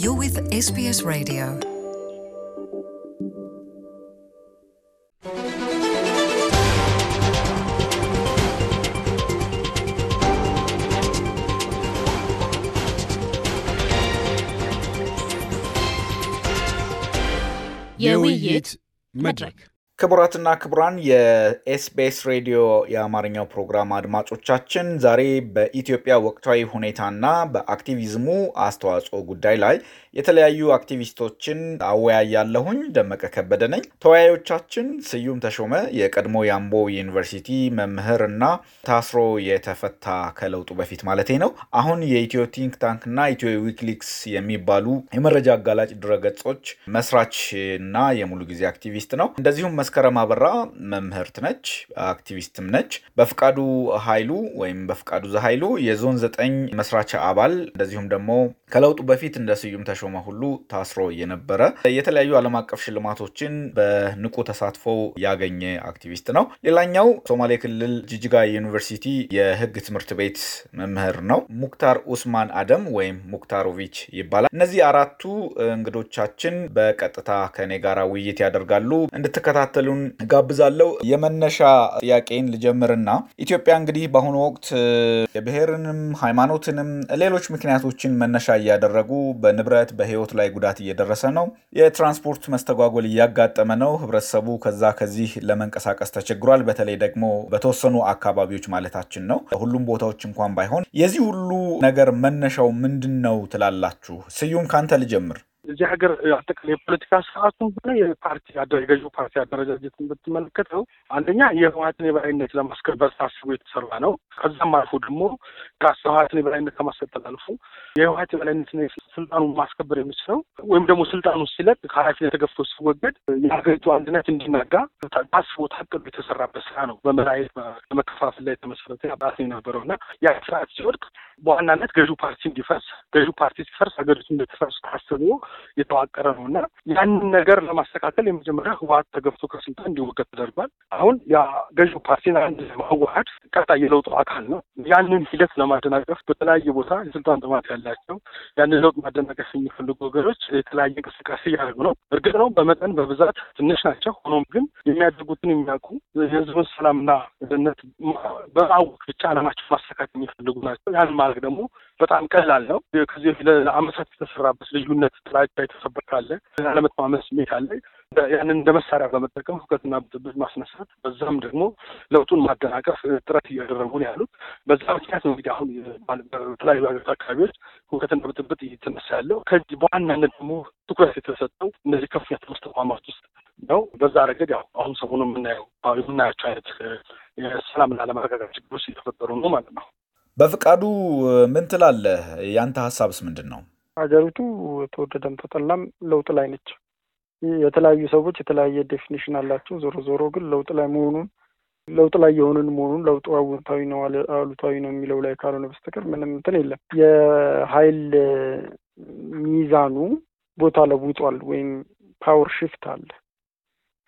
You're with SBS Radio. we Jouw magic. ክቡራትና ክቡራን የኤስቢኤስ ሬዲዮ የአማርኛው ፕሮግራም አድማጮቻችን ዛሬ በኢትዮጵያ ወቅታዊ ሁኔታና በአክቲቪዝሙ አስተዋጽኦ ጉዳይ ላይ የተለያዩ አክቲቪስቶችን አወያያለሁኝ። ደመቀ ከበደ ነኝ። ተወያዮቻችን ስዩም ተሾመ የቀድሞ የአምቦ ዩኒቨርሲቲ መምህር እና ታስሮ የተፈታ ከለውጡ በፊት ማለቴ ነው። አሁን የኢትዮ ቲንክ ታንክ እና ኢትዮ ዊክሊክስ የሚባሉ የመረጃ አጋላጭ ድረገጾች መስራች እና የሙሉ ጊዜ አክቲቪስት ነው። እንደዚሁም መስከረም አበራ መምህርት ነች፣ አክቲቪስትም ነች። በፍቃዱ ኃይሉ ወይም በፍቃዱ ዘ የዞን ዘጠኝ መስራች አባል እንደዚሁም ደግሞ ከለውጡ በፊት እንደ ስዩም ተሾመ ሾማ ሁሉ ታስሮ የነበረ የተለያዩ ዓለም አቀፍ ሽልማቶችን በንቁ ተሳትፎ ያገኘ አክቲቪስት ነው። ሌላኛው ሶማሌ ክልል ጅጅጋ ዩኒቨርሲቲ የህግ ትምህርት ቤት መምህር ነው። ሙክታር ኡስማን አደም ወይም ሙክታሮቪች ይባላል። እነዚህ አራቱ እንግዶቻችን በቀጥታ ከኔ ጋር ውይይት ያደርጋሉ። እንድትከታተሉን ጋብዛለው። የመነሻ ጥያቄን ልጀምርና ኢትዮጵያ እንግዲህ በአሁኑ ወቅት የብሔርንም ሃይማኖትንም ሌሎች ምክንያቶችን መነሻ እያደረጉ በንብረት ምክንያት በህይወት ላይ ጉዳት እየደረሰ ነው። የትራንስፖርት መስተጓጎል እያጋጠመ ነው። ህብረተሰቡ ከዛ ከዚህ ለመንቀሳቀስ ተቸግሯል። በተለይ ደግሞ በተወሰኑ አካባቢዎች ማለታችን ነው። ሁሉም ቦታዎች እንኳን ባይሆን የዚህ ሁሉ ነገር መነሻው ምንድን ነው ትላላችሁ? ስዩም ከአንተ ልጀምር። እዚህ ሀገር አጠቃላይ የፖለቲካ ስርዓቱን ሆነ የፓርቲ የገዢው ፓርቲ አደረጃጀትን ብትመለከተው አንደኛ የህወሀትን የበላይነት ለማስከበር ታስቦ የተሰራ ነው። ከዛም አልፎ ደግሞ ከህወሀትን የበላይነት ከማስቀጠል አልፎ የህወሀት የበላይነት ስልጣኑን ማስከበር የሚችለው ወይም ደግሞ ስልጣኑ ሲለቅ ከኃላፊነት ተገፍቶ ሲወገድ የሀገሪቱ አንድነት እንዲናጋ ታስቦ ታቅዶ የተሰራበት ስራ ነው። በመራየት በመከፋፈል ላይ የተመሰረተ አባት የነበረው እና ያ ስርዓት ሲወድቅ በዋናነት ገዢ ፓርቲ እንዲፈርስ፣ ገዢ ፓርቲ ሲፈርስ ሀገሪቱ እንደተፈርስ ታስቦ የተዋቀረ ነው እና ያንን ነገር ለማስተካከል የመጀመሪያ ህወሀት ተገፍቶ ከስልጣን እንዲወገድ ተደርጓል። አሁን ገዢ ፓርቲን አንድ ማዋሀድ ቀጣይ የለውጡ አካል ነው። ያንን ሂደት ለማደናቀፍ በተለያየ ቦታ የስልጣን ጥማት ያላቸው ያንን ለውጥ ማደናቀፍ የሚፈልጉ ወገኖች የተለያየ እንቅስቃሴ እያደረጉ ነው። እርግጥ ነው በመጠን በብዛት ትንሽ ናቸው። ሆኖም ግን የሚያደርጉትን የሚያውቁ የህዝቡን ሰላምና ደህንነት በማወቅ ብቻ አላማቸው ማሳካት የሚፈልጉ ናቸው። ያን ማድረግ ደግሞ በጣም ቀላል ነው። ከዚህ በፊት ለአመታት የተሰራበት ልዩነት፣ ጥላቻ የተሰበረ አለመተማመን ስሜት አለ። ያንን እንደ መሳሪያ በመጠቀም ሁከትና ብጥብጥ ማስነሳት፣ በዛም ደግሞ ለውጡን ማደናቀፍ ጥረት እያደረጉን ያሉት በዛ ምክንያት ነው። እንግዲህ አሁን በተለያዩ ሀገሪቱ አካባቢዎች ሁከትና ብጥብጥ እየተነሳ ያለው ከዚህ በዋናነት ደግሞ ትኩረት የተሰጠው እነዚህ ከፍተኛ ትምህርት ተቋማት ውስጥ ነው። በዛ ረገድ ያው አሁን ሰሞኑን የምናየው የምናያቸው አይነት የሰላምና አለመረጋጋት ችግሮች እየተፈጠሩ ነው ማለት ነው። በፍቃዱ ምን ትላለህ? ያንተ ሀሳብስ ምንድን ነው? ሀገሪቱ ተወደደም ተጠላም ለውጥ ላይ ነች። የተለያዩ ሰዎች የተለያየ ዴፊኒሽን አላቸው። ዞሮ ዞሮ ግን ለውጥ ላይ መሆኑን ለውጥ ላይ የሆንን መሆኑን ለውጡ አዎንታዊ ነው አሉታዊ ነው የሚለው ላይ ካልሆነ በስተቀር ምንም እንትን የለም። የሀይል ሚዛኑ ቦታ ለውጧል ወይም ፓወር ሽፍት አለ።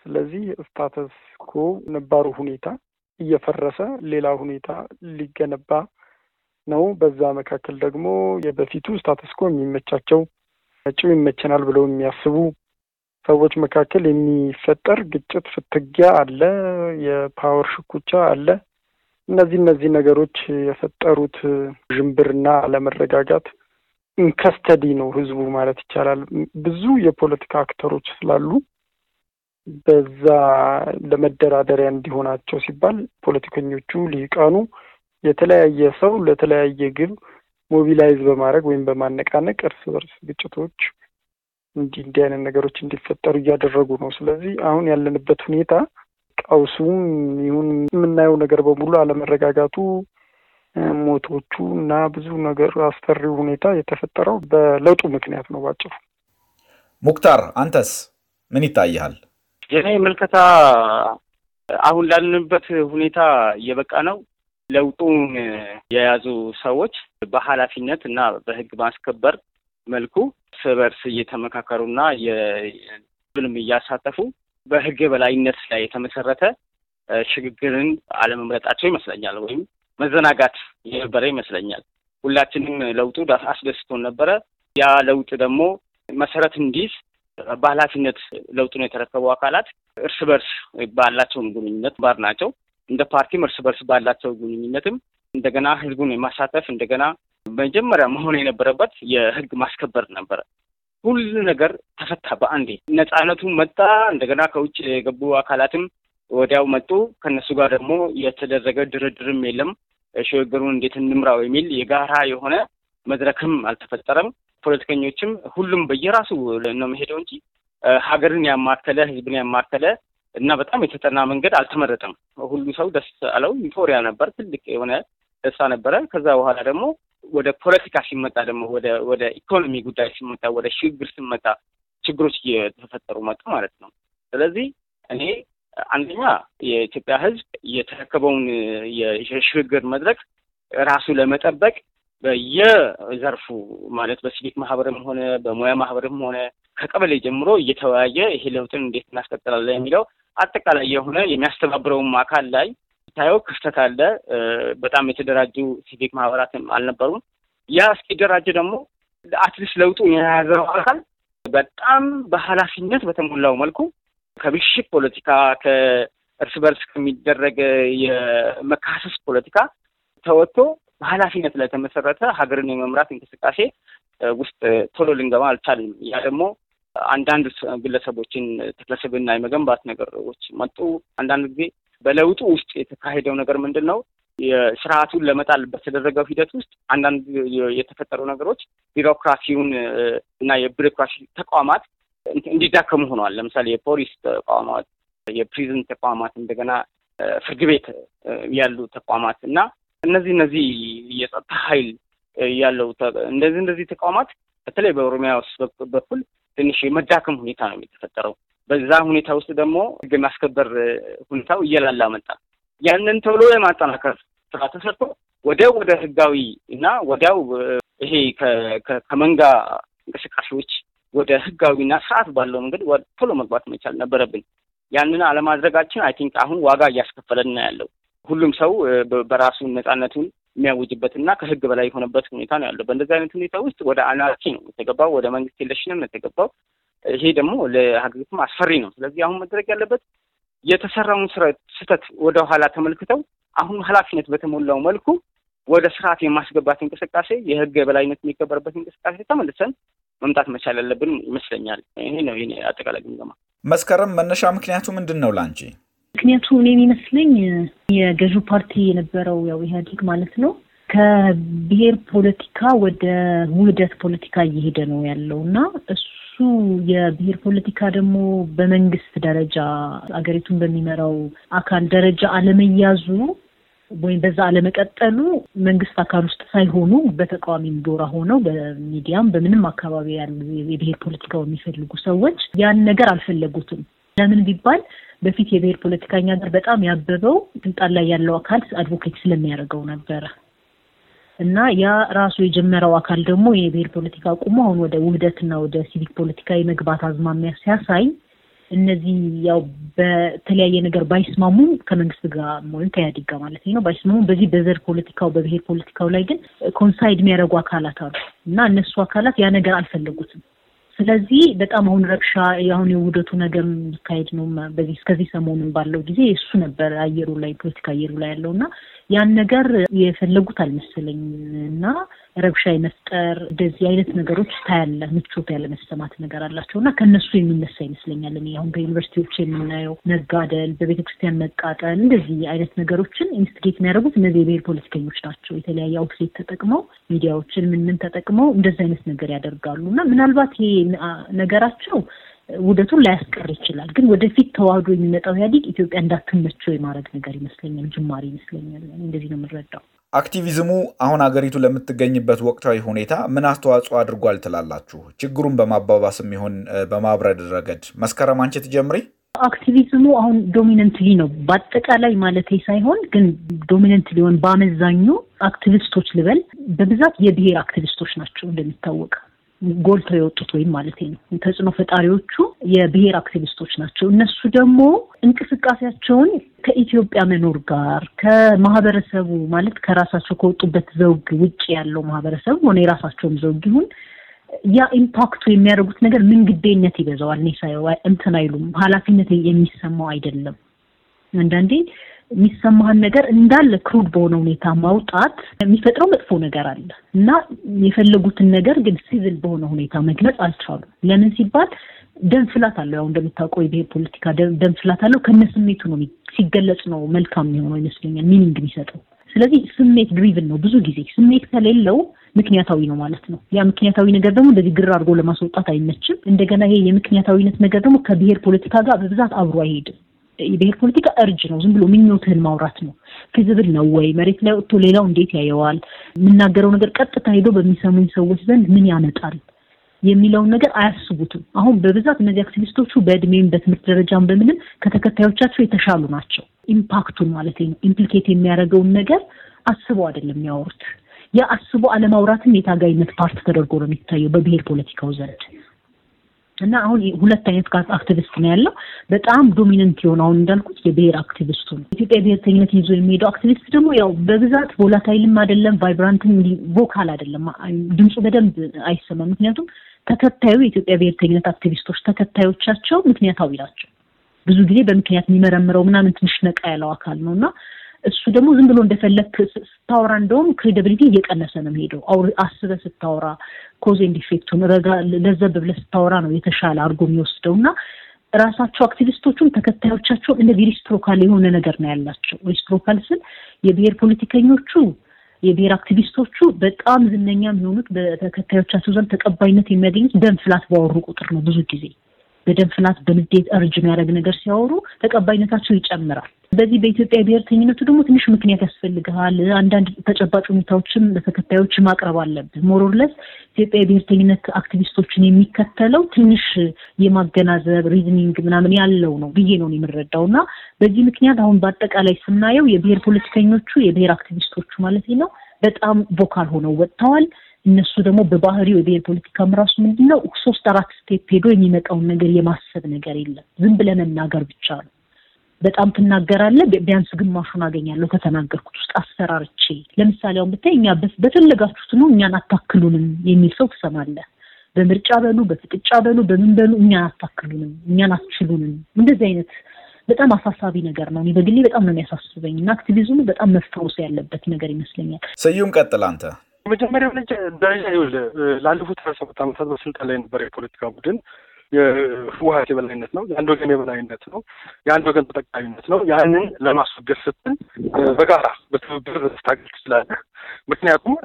ስለዚህ ስታተስ ኮ ነባሩ ሁኔታ እየፈረሰ ሌላ ሁኔታ ሊገነባ ነው። በዛ መካከል ደግሞ የበፊቱ ስታተስኮ የሚመቻቸው መጪው ይመቸናል ብለው የሚያስቡ ሰዎች መካከል የሚፈጠር ግጭት፣ ፍትጊያ አለ፣ የፓወር ሽኩቻ አለ። እነዚህ እነዚህ ነገሮች የፈጠሩት ዥንብርና አለመረጋጋት ኢንከስተዲ ነው ህዝቡ ማለት ይቻላል። ብዙ የፖለቲካ አክተሮች ስላሉ በዛ ለመደራደሪያ እንዲሆናቸው ሲባል ፖለቲከኞቹ ሊቃኑ የተለያየ ሰው ለተለያየ ግብ ሞቢላይዝ በማድረግ ወይም በማነቃነቅ እርስ በርስ ግጭቶች እንዲህ እንዲህ አይነት ነገሮች እንዲፈጠሩ እያደረጉ ነው። ስለዚህ አሁን ያለንበት ሁኔታ ቀውሱም ይሁን የምናየው ነገር በሙሉ አለመረጋጋቱ፣ ሞቶቹ እና ብዙ ነገር አስፈሪው ሁኔታ የተፈጠረው በለውጡ ምክንያት ነው ባጭሩ። ሙክታር አንተስ ምን ይታይሃል? የኔ ምልከታ አሁን ላለንበት ሁኔታ እየበቃ ነው ለውጡን የያዙ ሰዎች በኃላፊነት እና በህግ ማስከበር መልኩ ስበርስ እየተመካከሩና የብልም እያሳተፉ በህግ የበላይነት ላይ የተመሰረተ ሽግግርን አለመምረጣቸው ይመስለኛል፣ ወይም መዘናጋት የነበረ ይመስለኛል። ሁላችንም ለውጡ አስደስቶን ነበረ። ያ ለውጥ ደግሞ መሰረት እንዲይዝ በኃላፊነት ለውጡን የተረከቡ አካላት እርስ በርስ ባላቸውን ግንኙነት ባር ናቸው እንደ ፓርቲም እርስ በርስ ባላቸው ግንኙነትም እንደገና ህዝቡን የማሳተፍ እንደገና መጀመሪያ መሆን የነበረበት የህግ ማስከበር ነበረ። ሁሉ ነገር ተፈታ በአንዴ ነፃነቱ መጣ። እንደገና ከውጭ የገቡ አካላትም ወዲያው መጡ። ከነሱ ጋር ደግሞ የተደረገ ድርድርም የለም። ሽግግሩን እንዴት እንምራው የሚል የጋራ የሆነ መድረክም አልተፈጠረም። ፖለቲከኞችም ሁሉም በየራሱ ነው መሄደው እንጂ ሀገርን ያማከለ ህዝብን ያማከለ እና በጣም የተጠና መንገድ አልተመረጠም። ሁሉ ሰው ደስ አለው። ዩፎሪያ ነበር፣ ትልቅ የሆነ ደስታ ነበረ። ከዛ በኋላ ደግሞ ወደ ፖለቲካ ሲመጣ ደግሞ ወደ ኢኮኖሚ ጉዳይ ሲመጣ ወደ ሽግግር ሲመጣ ችግሮች እየተፈጠሩ መጡ ማለት ነው። ስለዚህ እኔ አንደኛ የኢትዮጵያ ሕዝብ የተረከበውን የሽግግር መድረክ ራሱ ለመጠበቅ በየዘርፉ ማለት በሲቪክ ማህበርም ሆነ በሙያ ማህበርም ሆነ ከቀበሌ ጀምሮ እየተወያየ ይሄ ለውጥን እንዴት እናስቀጥላለን የሚለው አጠቃላይ የሆነ የሚያስተባብረውም አካል ላይ ታየው ክፍተት አለ። በጣም የተደራጁ ሲቪክ ማህበራትም አልነበሩም። ያ እስኪደራጀ ደግሞ አትሊስት ለውጡ የያዘው አካል በጣም በኃላፊነት በተሞላው መልኩ ከብሽት ፖለቲካ ከእርስ በርስ ከሚደረግ የመካሰስ ፖለቲካ ተወጥቶ በኃላፊነት ላይ ተመሰረተ ሀገርን የመምራት እንቅስቃሴ ውስጥ ቶሎ ልንገባ አልቻልንም። ያ ደግሞ አንዳንድ ግለሰቦችን ተክለሰብና የመገንባት ነገሮች መጡ። አንዳንድ ጊዜ በለውጡ ውስጥ የተካሄደው ነገር ምንድን ነው? ስርዓቱን ለመጣል በተደረገው ሂደት ውስጥ አንዳንድ የተፈጠሩ ነገሮች ቢሮክራሲውን እና የቢሮክራሲ ተቋማት እንዲዳከሙ ሆነዋል። ለምሳሌ የፖሊስ ተቋማት፣ የፕሪዝን ተቋማት፣ እንደገና ፍርድ ቤት ያሉ ተቋማት እና እነዚህ እነዚህ የጸጥታ ኃይል ያለው እንደዚህ እንደዚህ ተቋማት በተለይ በኦሮሚያ ውስጥ በኩል ትንሽ የመዳከም ሁኔታ ነው የተፈጠረው። በዛ ሁኔታ ውስጥ ደግሞ ህግ የማስከበር ሁኔታው እየላላ መጣ። ያንን ተብሎ የማጠናከር ስራ ተሰርቶ ወዲያው ወደ ህጋዊ እና ወዲያው ይሄ ከመንጋ እንቅስቃሴዎች ወደ ህጋዊና ስርዓት ባለው መንገድ ቶሎ መግባት መቻል ነበረብን። ያንን አለማድረጋችን አይ ቲንክ አሁን ዋጋ እያስከፈለን ያለው። ሁሉም ሰው በራሱ ነፃነቱን የሚያውጅበት እና ከህግ በላይ የሆነበት ሁኔታ ነው ያለው። በእንደዚህ አይነት ሁኔታ ውስጥ ወደ አናርኪ ነው የተገባው፣ ወደ መንግስት የለሽንም የተገባው። ይሄ ደግሞ ለሀገሪቱም አስፈሪ ነው። ስለዚህ አሁን መድረግ ያለበት የተሰራውን ስህተት ወደ ኋላ ተመልክተው አሁን ኃላፊነት በተሞላው መልኩ ወደ ስርዓት የማስገባት እንቅስቃሴ፣ የህግ የበላይነት የሚከበርበት እንቅስቃሴ ተመልሰን መምጣት መቻል ያለብን ይመስለኛል። ይሄ ነው አጠቃላይ ግምገማ። መስከረም፣ መነሻ ምክንያቱ ምንድን ነው ላንቺ? ምክንያቱም እኔ የሚመስለኝ የገዢው ፓርቲ የነበረው ያው ኢህአዴግ ማለት ነው ከብሔር ፖለቲካ ወደ ውህደት ፖለቲካ እየሄደ ነው ያለው እና እሱ የብሔር ፖለቲካ ደግሞ በመንግስት ደረጃ አገሪቱን በሚመራው አካል ደረጃ አለመያዙ ወይም በዛ አለመቀጠሉ መንግስት አካል ውስጥ ሳይሆኑ በተቃዋሚ ጎራ ሆነው በሚዲያም በምንም አካባቢ ያሉ የብሔር ፖለቲካው የሚፈልጉ ሰዎች ያን ነገር አልፈለጉትም። ለምን ቢባል በፊት የብሔር ፖለቲካኛ ጋር በጣም ያበበው ስልጣን ላይ ያለው አካል አድቮኬት ስለሚያደርገው ነበረ እና ያ ራሱ የጀመረው አካል ደግሞ የብሔር ፖለቲካ ቁሞ አሁን ወደ ውህደትና ወደ ሲቪክ ፖለቲካ የመግባት አዝማሚያ ሲያሳይ እነዚህ ያው በተለያየ ነገር ባይስማሙም ከመንግስት ጋር ወይም ከኢህአዴግ ጋር ማለት ነው ባይስማሙም፣ በዚህ በዘር ፖለቲካው በብሔር ፖለቲካው ላይ ግን ኮንሳይድ የሚያደርጉ አካላት አሉ እና እነሱ አካላት ያ ነገር አልፈለጉትም። ስለዚህ በጣም አሁን ረብሻ የአሁን የውደቱ ነገር የሚካሄድ ነው በዚህ እስከዚህ ሰሞኑን ባለው ጊዜ እሱ ነበር አየሩ ላይ ፖለቲካ አየሩ ላይ ያለው እና ያን ነገር የፈለጉት አልመሰለኝም እና ረብሻ የመፍጠር እንደዚህ አይነት ነገሮች ታያለ። ምቾት ያለ ያለመሰማት ነገር አላቸው እና ከእነሱ የሚነሳ ይመስለኛል። እኔ አሁን በዩኒቨርሲቲዎች የምናየው መጋደል፣ በቤተክርስቲያን መቃጠል፣ እንደዚህ አይነት ነገሮችን ኢንስቲጌት የሚያደርጉት እነዚህ የብሔር ፖለቲከኞች ናቸው። የተለያየ አውትሌት ተጠቅመው ሚዲያዎችን ምንም ተጠቅመው እንደዚህ አይነት ነገር ያደርጋሉ እና ምናልባት ይሄ ነገራቸው ውደቱን ላያስቀር ይችላል። ግን ወደፊት ተዋህዶ የሚመጣው ኢህአዴግ ኢትዮጵያ እንዳትመቸው የማድረግ ነገር ይመስለኛል፣ ጅማሪ ይመስለኛል። እንደዚህ ነው የምንረዳው። አክቲቪዝሙ አሁን አገሪቱ ለምትገኝበት ወቅታዊ ሁኔታ ምን አስተዋጽኦ አድርጓል ትላላችሁ? ችግሩን በማባባስም ይሆን በማብረድ ረገድ መስከረም፣ አንቺ ትጀምሪ። አክቲቪዝሙ አሁን ዶሚነንትሊ ነው በአጠቃላይ ማለት ሳይሆን ግን ዶሚነንት ሊሆን በአመዛኙ አክቲቪስቶች ልበል በብዛት የብሔር አክቲቪስቶች ናቸው እንደሚታወቀው ጎልተው የወጡት ወይም ማለት ነው ተጽዕኖ ፈጣሪዎቹ የብሔር አክቲቪስቶች ናቸው። እነሱ ደግሞ እንቅስቃሴያቸውን ከኢትዮጵያ መኖር ጋር ከማህበረሰቡ ማለት ከራሳቸው ከወጡበት ዘውግ ውጭ ያለው ማህበረሰብ ሆነ የራሳቸውም ዘውግ ይሁን ያ ኢምፓክቱ የሚያደርጉት ነገር ምንግቤነት ይበዛዋል። ኔሳ እንትን አይሉም፣ ኃላፊነት የሚሰማው አይደለም። አንዳንዴ የሚሰማህን ነገር እንዳለ ክሩድ በሆነ ሁኔታ ማውጣት የሚፈጥረው መጥፎ ነገር አለ እና የፈለጉትን ነገር ግን ሲቪል በሆነ ሁኔታ መግለጽ አልቻሉም። ለምን ሲባል ደም ፍላት አለው። ያው እንደምታውቀው የብሄር ፖለቲካ ደም ፍላት አለው። ከነ ስሜቱ ነው ሲገለጽ ነው መልካም የሚሆነው ይመስለኛል፣ ሚኒንግ የሚሰጠው። ስለዚህ ስሜት ድሪቭን ነው። ብዙ ጊዜ ስሜት ከሌለው ምክንያታዊ ነው ማለት ነው። ያ ምክንያታዊ ነገር ደግሞ እንደዚህ ግር አድርጎ ለማስወጣት አይመችም። እንደገና ይሄ የምክንያታዊነት ነገር ደግሞ ከብሄር ፖለቲካ ጋር በብዛት አብሮ አይሄድም። የብሄር ፖለቲካ እርጅ ነው። ዝም ብሎ ምኞትህን ማውራት ነው። ፊዚብል ነው ወይ? መሬት ላይ ወጥቶ ሌላው እንዴት ያየዋል? የምናገረው ነገር ቀጥታ ሄዶ በሚሰሙኝ ሰዎች ዘንድ ምን ያመጣል የሚለውን ነገር አያስቡትም። አሁን በብዛት እነዚህ አክቲቪስቶቹ በእድሜም በትምህርት ደረጃም በምንም ከተከታዮቻቸው የተሻሉ ናቸው። ኢምፓክቱን ማለት ነው ኢምፕሊኬት የሚያደርገውን ነገር አስበው አይደለም የሚያወሩት። ያ አስቦ አለማውራትም የታጋይነት ፓርት ተደርጎ ነው የሚታየው በብሄር ፖለቲካው ዘንድ እና አሁን ሁለት አይነት አክቲቪስት ነው ያለው። በጣም ዶሚነንት የሆነ አሁን እንዳልኩት የብሔር አክቲቪስቱ ነው። ኢትዮጵያ ብሔርተኝነት ይዞ የሚሄደው አክቲቪስት ደግሞ ያው በብዛት ቮላታይልም አይደለም፣ ቫይብራንትም ቮካል አይደለም። ድምፁ በደንብ አይሰማም። ምክንያቱም ተከታዩ የኢትዮጵያ ብሔርተኝነት አክቲቪስቶች ተከታዮቻቸው ምክንያታዊ ናቸው። ብዙ ጊዜ በምክንያት የሚመረምረው ምናምን ትንሽ ነቃ ያለው አካል ነው እና እሱ ደግሞ ዝም ብሎ እንደፈለግ ስታወራ እንደውም ክሬዲብሊቲ እየቀነሰ ነው የሚሄደው። አስበ ስታወራ ኮዝ ኤንድ ኢፌክቱን ረጋ ለዘብ ብለ ስታወራ ነው የተሻለ አድርጎ የሚወስደው እና ራሳቸው አክቲቪስቶቹም ተከታዮቻቸው እንደዚህ ሪስፕሮካል የሆነ ነገር ነው ያላቸው። ሪስፕሮካል ስል የብሔር ፖለቲከኞቹ የብሔር አክቲቪስቶቹ በጣም ዝነኛ የሚሆኑት በተከታዮቻቸው ዘንድ ተቀባይነት የሚያገኙት ደም ፍላት ባወሩ ቁጥር ነው። ብዙ ጊዜ በደም ፍላት በንዴት እርጅ የሚያደርግ ነገር ሲያወሩ ተቀባይነታቸው ይጨምራል። በዚህ በኢትዮጵያ ብሔርተኝነቱ ደግሞ ትንሽ ምክንያት ያስፈልግሃል። አንዳንድ ተጨባጭ ሁኔታዎችም ለተከታዮች ማቅረብ አለብህ። ሞሮርለስ ኢትዮጵያ የብሔርተኝነት አክቲቪስቶችን የሚከተለው ትንሽ የማገናዘብ ሪዝኒንግ ምናምን ያለው ነው ብዬ ነው የምረዳው። እና በዚህ ምክንያት አሁን በአጠቃላይ ስናየው የብሔር ፖለቲከኞቹ የብሔር አክቲቪስቶቹ ማለት ነው በጣም ቮካል ሆነው ወጥተዋል። እነሱ ደግሞ በባህሪው የብሔር ፖለቲካም ራሱ ምንድነው ሶስት አራት ስቴፕ ሄዶ የሚመጣውን ነገር የማሰብ ነገር የለም። ዝም ብለህ መናገር ብቻ ነው። በጣም ትናገራለህ፣ ቢያንስ ግማሹን አገኛለሁ ከተናገርኩት ውስጥ አሰራርቼ። ለምሳሌ አሁን ብታይ እኛ በፈለጋችሁት ነው እኛን አታክሉንም የሚል ሰው ትሰማለህ። በምርጫ በሉ፣ በፍጥጫ በሉ፣ በምን በሉ እኛን አታክሉንም፣ እኛን አትችሉንም። እንደዚህ አይነት በጣም አሳሳቢ ነገር ነው። እኔ በግሌ በጣም ነው የሚያሳስበኝ እና አክቲቪዝሙ በጣም መፈወስ ያለበት ነገር ይመስለኛል። ስዩም ቀጥል አንተ። መጀመሪያ ደረጃ ይኸውልህ ላለፉት ሀያ ሰባት ዓመታት በስልጣን ላይ የነበረ የፖለቲካ ቡድን የህወሀት የበላይነት ነው፣ የአንድ ወገን የበላይነት ነው፣ የአንድ ወገን ተጠቃሚነት ነው። ያንን ለማስወገድ ስትል በጋራ በትብብር ልታገል ትችላለህ። ምክንያቱም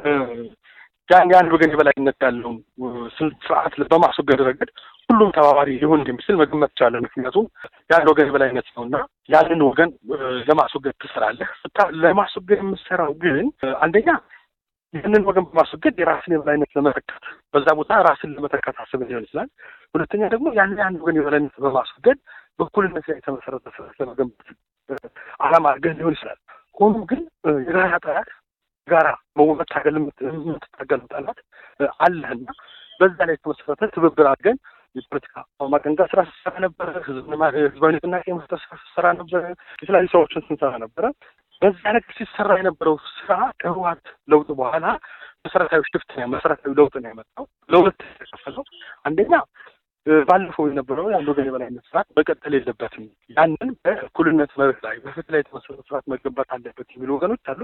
ያን የአንድ ወገን የበላይነት ያለውን ስርዓት በማስወገድ ረገድ ሁሉም ተባባሪ ሊሆን እንደሚችል መገመት ይቻላል። ምክንያቱም የአንድ ወገን የበላይነት ነው እና ያንን ወገን ለማስወገድ ትሰራለህ። ለማስወገድ የምትሰራው ግን አንደኛ ይህንን ወገን በማስወገድ የራስን የበላይነት ለመተካት በዛ ቦታ ራስን ለመተካት አስበን ሊሆን ይችላል። ሁለተኛ ደግሞ ያን የአንድ ወገን የበላይነት በማስወገድ በእኩልነት ላይ የተመሰረተ ስርዓት ለመገንባት አላማ አድርገን ሊሆን ይችላል። ሆኖም ግን የጋራ ጠላት ጋራ መታገል የምትታገል ጠላት አለህና በዛ ላይ የተመሰረተ ትብብር አድርገን የፖለቲካ ማቀንጋ ስራ ስሰራ ነበረ። ህዝባዊ ንቅናቄ ስራ ስሰራ ነበረ። የተለያዩ ሰዎችን ስንሰራ ነበረ። በዛ ነገር ሲሰራ የነበረው ስራ ከህወሓት ለውጥ በኋላ መሰረታዊ ሽፍት ነው መሰረታዊ ለውጥ ነው የመጣው። ለሁለት የተከፈለው አንደኛ ባለፈው የነበረው የአንድ ወገን የበላይነት ስርዓት መቀጠል የለበትም፣ ያንን በእኩልነት መርህ ላይ በፍትህ ላይ የተመሰረተ ስርዓት መገንባት አለበት የሚሉ ወገኖች አሉ።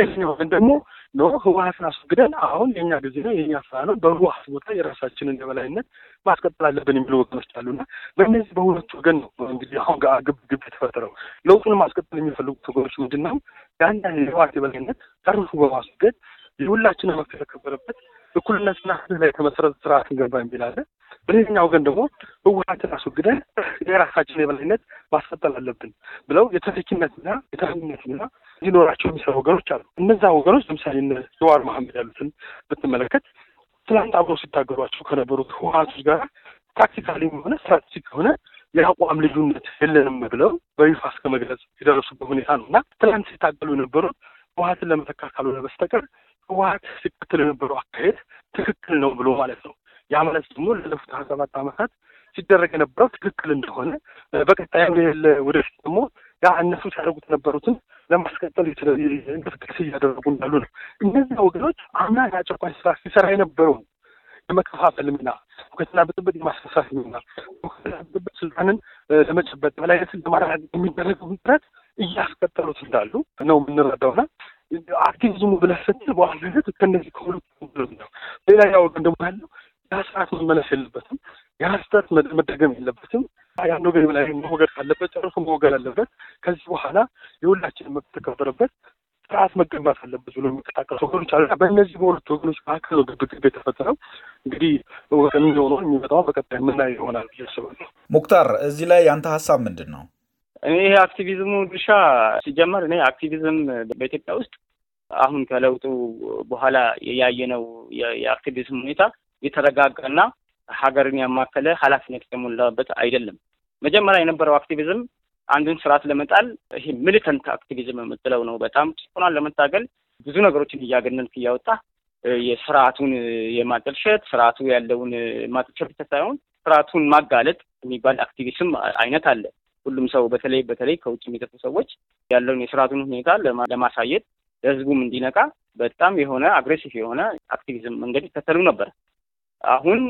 ሌላኛው ወገን ደግሞ ኖ ህወሀትን አስወግደን አሁን የኛ ጊዜ ነው የኛ ስራ ነው፣ በህወሀት ቦታ የራሳችንን የበላይነት ማስቀጠል አለብን የሚሉ ወገኖች አሉና በእነዚህ በሁለቱ ወገን ነው እንግዲህ አሁን ግብ ግብ የተፈጠረው። ለውጡን ማስቀጠል የሚፈልጉት ወገኖች ምንድን ነው? የአንዳንድ ህወሀት የበላይነት ጠርፉ በማስወገድ የሁላችንን መብት የተከበረበት እኩልነትና ህዝብ ላይ የተመሰረተ ስርዓት እንገንባ የሚል አለ። በሌላኛው ወገን ደግሞ ህወሀትን አስወግደን የራሳችን የበላይነት ማስቀጠል አለብን ብለው የተተኪነትና የተህነት ሊኖራቸው የሚሰሩ ወገኖች አሉ። እነዛ ወገኖች ለምሳሌ ጀዋር መሐመድ ያሉትን ብትመለከት ትላንት አብረው ሲታገሏቸው ከነበሩት ህወሀቶች ጋር ታክቲካሊ የሆነ ስትራቴጂክ የሆነ የአቋም ልዩነት የለንም ብለው በይፋ እስከ መግለጽ የደረሱበት ሁኔታ ነው እና ትላንት ሲታገሉ የነበሩት ህወሀትን ለመተካት ካልሆነ በስተቀር ህወሀት ሲከተል የነበረው አካሄድ ትክክል ነው ብሎ ማለት ነው። ያ ማለት ደግሞ ላለፉት ሀያ ሰባት ዓመታት ሲደረግ የነበረው ትክክል እንደሆነ በቀጣይ ወደፊት ደግሞ ያ እነሱ ሲያደርጉት የነበሩትን ለማስቀጠል እንቅስቃሴ እያደረጉ እንዳሉ ነው። እነዚህ ወገኖች አምና የአጨቋኝ ስራ ሲሰራ የነበረው የመከፋፈል ሚና፣ ሁከትና ብጥብጥ የማስነሳት ሚና፣ ሁከትና ብጥብጥ ስልጣንን ለመጨበጥ በላይነትን ለማረጋገጥ የሚደረገውን ጥረት እያስቀጠሉት እንዳሉ ነው የምንረዳውና አክቲቪዝሙ ብለህ ስትል በዋናነት ከነዚህ ከሁለቱ ነው። ሌላኛው ወገን ደግሞ ያለው ያ ስርዓት መመለስ የለበትም። ያ ስህተት መደገም የለበትም። ያን ወገን ላይ መወገድ ካለበት ጨርሶ መወገድ አለበት። ከዚህ በኋላ የሁላችን መብት ተከበረበት ስርዓት መገንባት አለበት ብሎ የሚንቀሳቀሱ ወገኖች አሉ። በእነዚህ በሁለቱ ወገኖች መካከል ግብግብ የተፈጠረው እንግዲህ ወገን የሚሆነው የሚመጣው በቀጣይ ምናየው ይሆናል ብዬ አስባለሁ። ሙክታር፣ እዚህ ላይ ያንተ ሀሳብ ምንድን ነው? እኔ ይሄ አክቲቪዝሙ ድርሻ ሲጀመር እኔ አክቲቪዝም በኢትዮጵያ ውስጥ አሁን ከለውጡ በኋላ ያየነው የአክቲቪዝም ሁኔታ የተረጋጋና ሀገርን ያማከለ ኃላፊነት የተሞላበት አይደለም። መጀመሪያ የነበረው አክቲቪዝም አንድን ስርዓት ለመጣል ይሄ ሚሊተንት አክቲቪዝም የምትለው ነው። በጣም ጭቆናን ለመታገል ብዙ ነገሮችን እያገነንክ እያወጣ የስርዓቱን የማጠልሸት ስርዓቱ ያለውን ማጠልሸት ብቻ ሳይሆን ስርዓቱን ማጋለጥ የሚባል አክቲቪዝም አይነት አለ። ሁሉም ሰው በተለይ በተለይ ከውጭ የሚጠፉ ሰዎች ያለውን የስርዓቱን ሁኔታ ለማሳየት ለህዝቡም እንዲነቃ በጣም የሆነ አግሬሲቭ የሆነ አክቲቪዝም መንገድ ይከተሉ ነበር። አሁን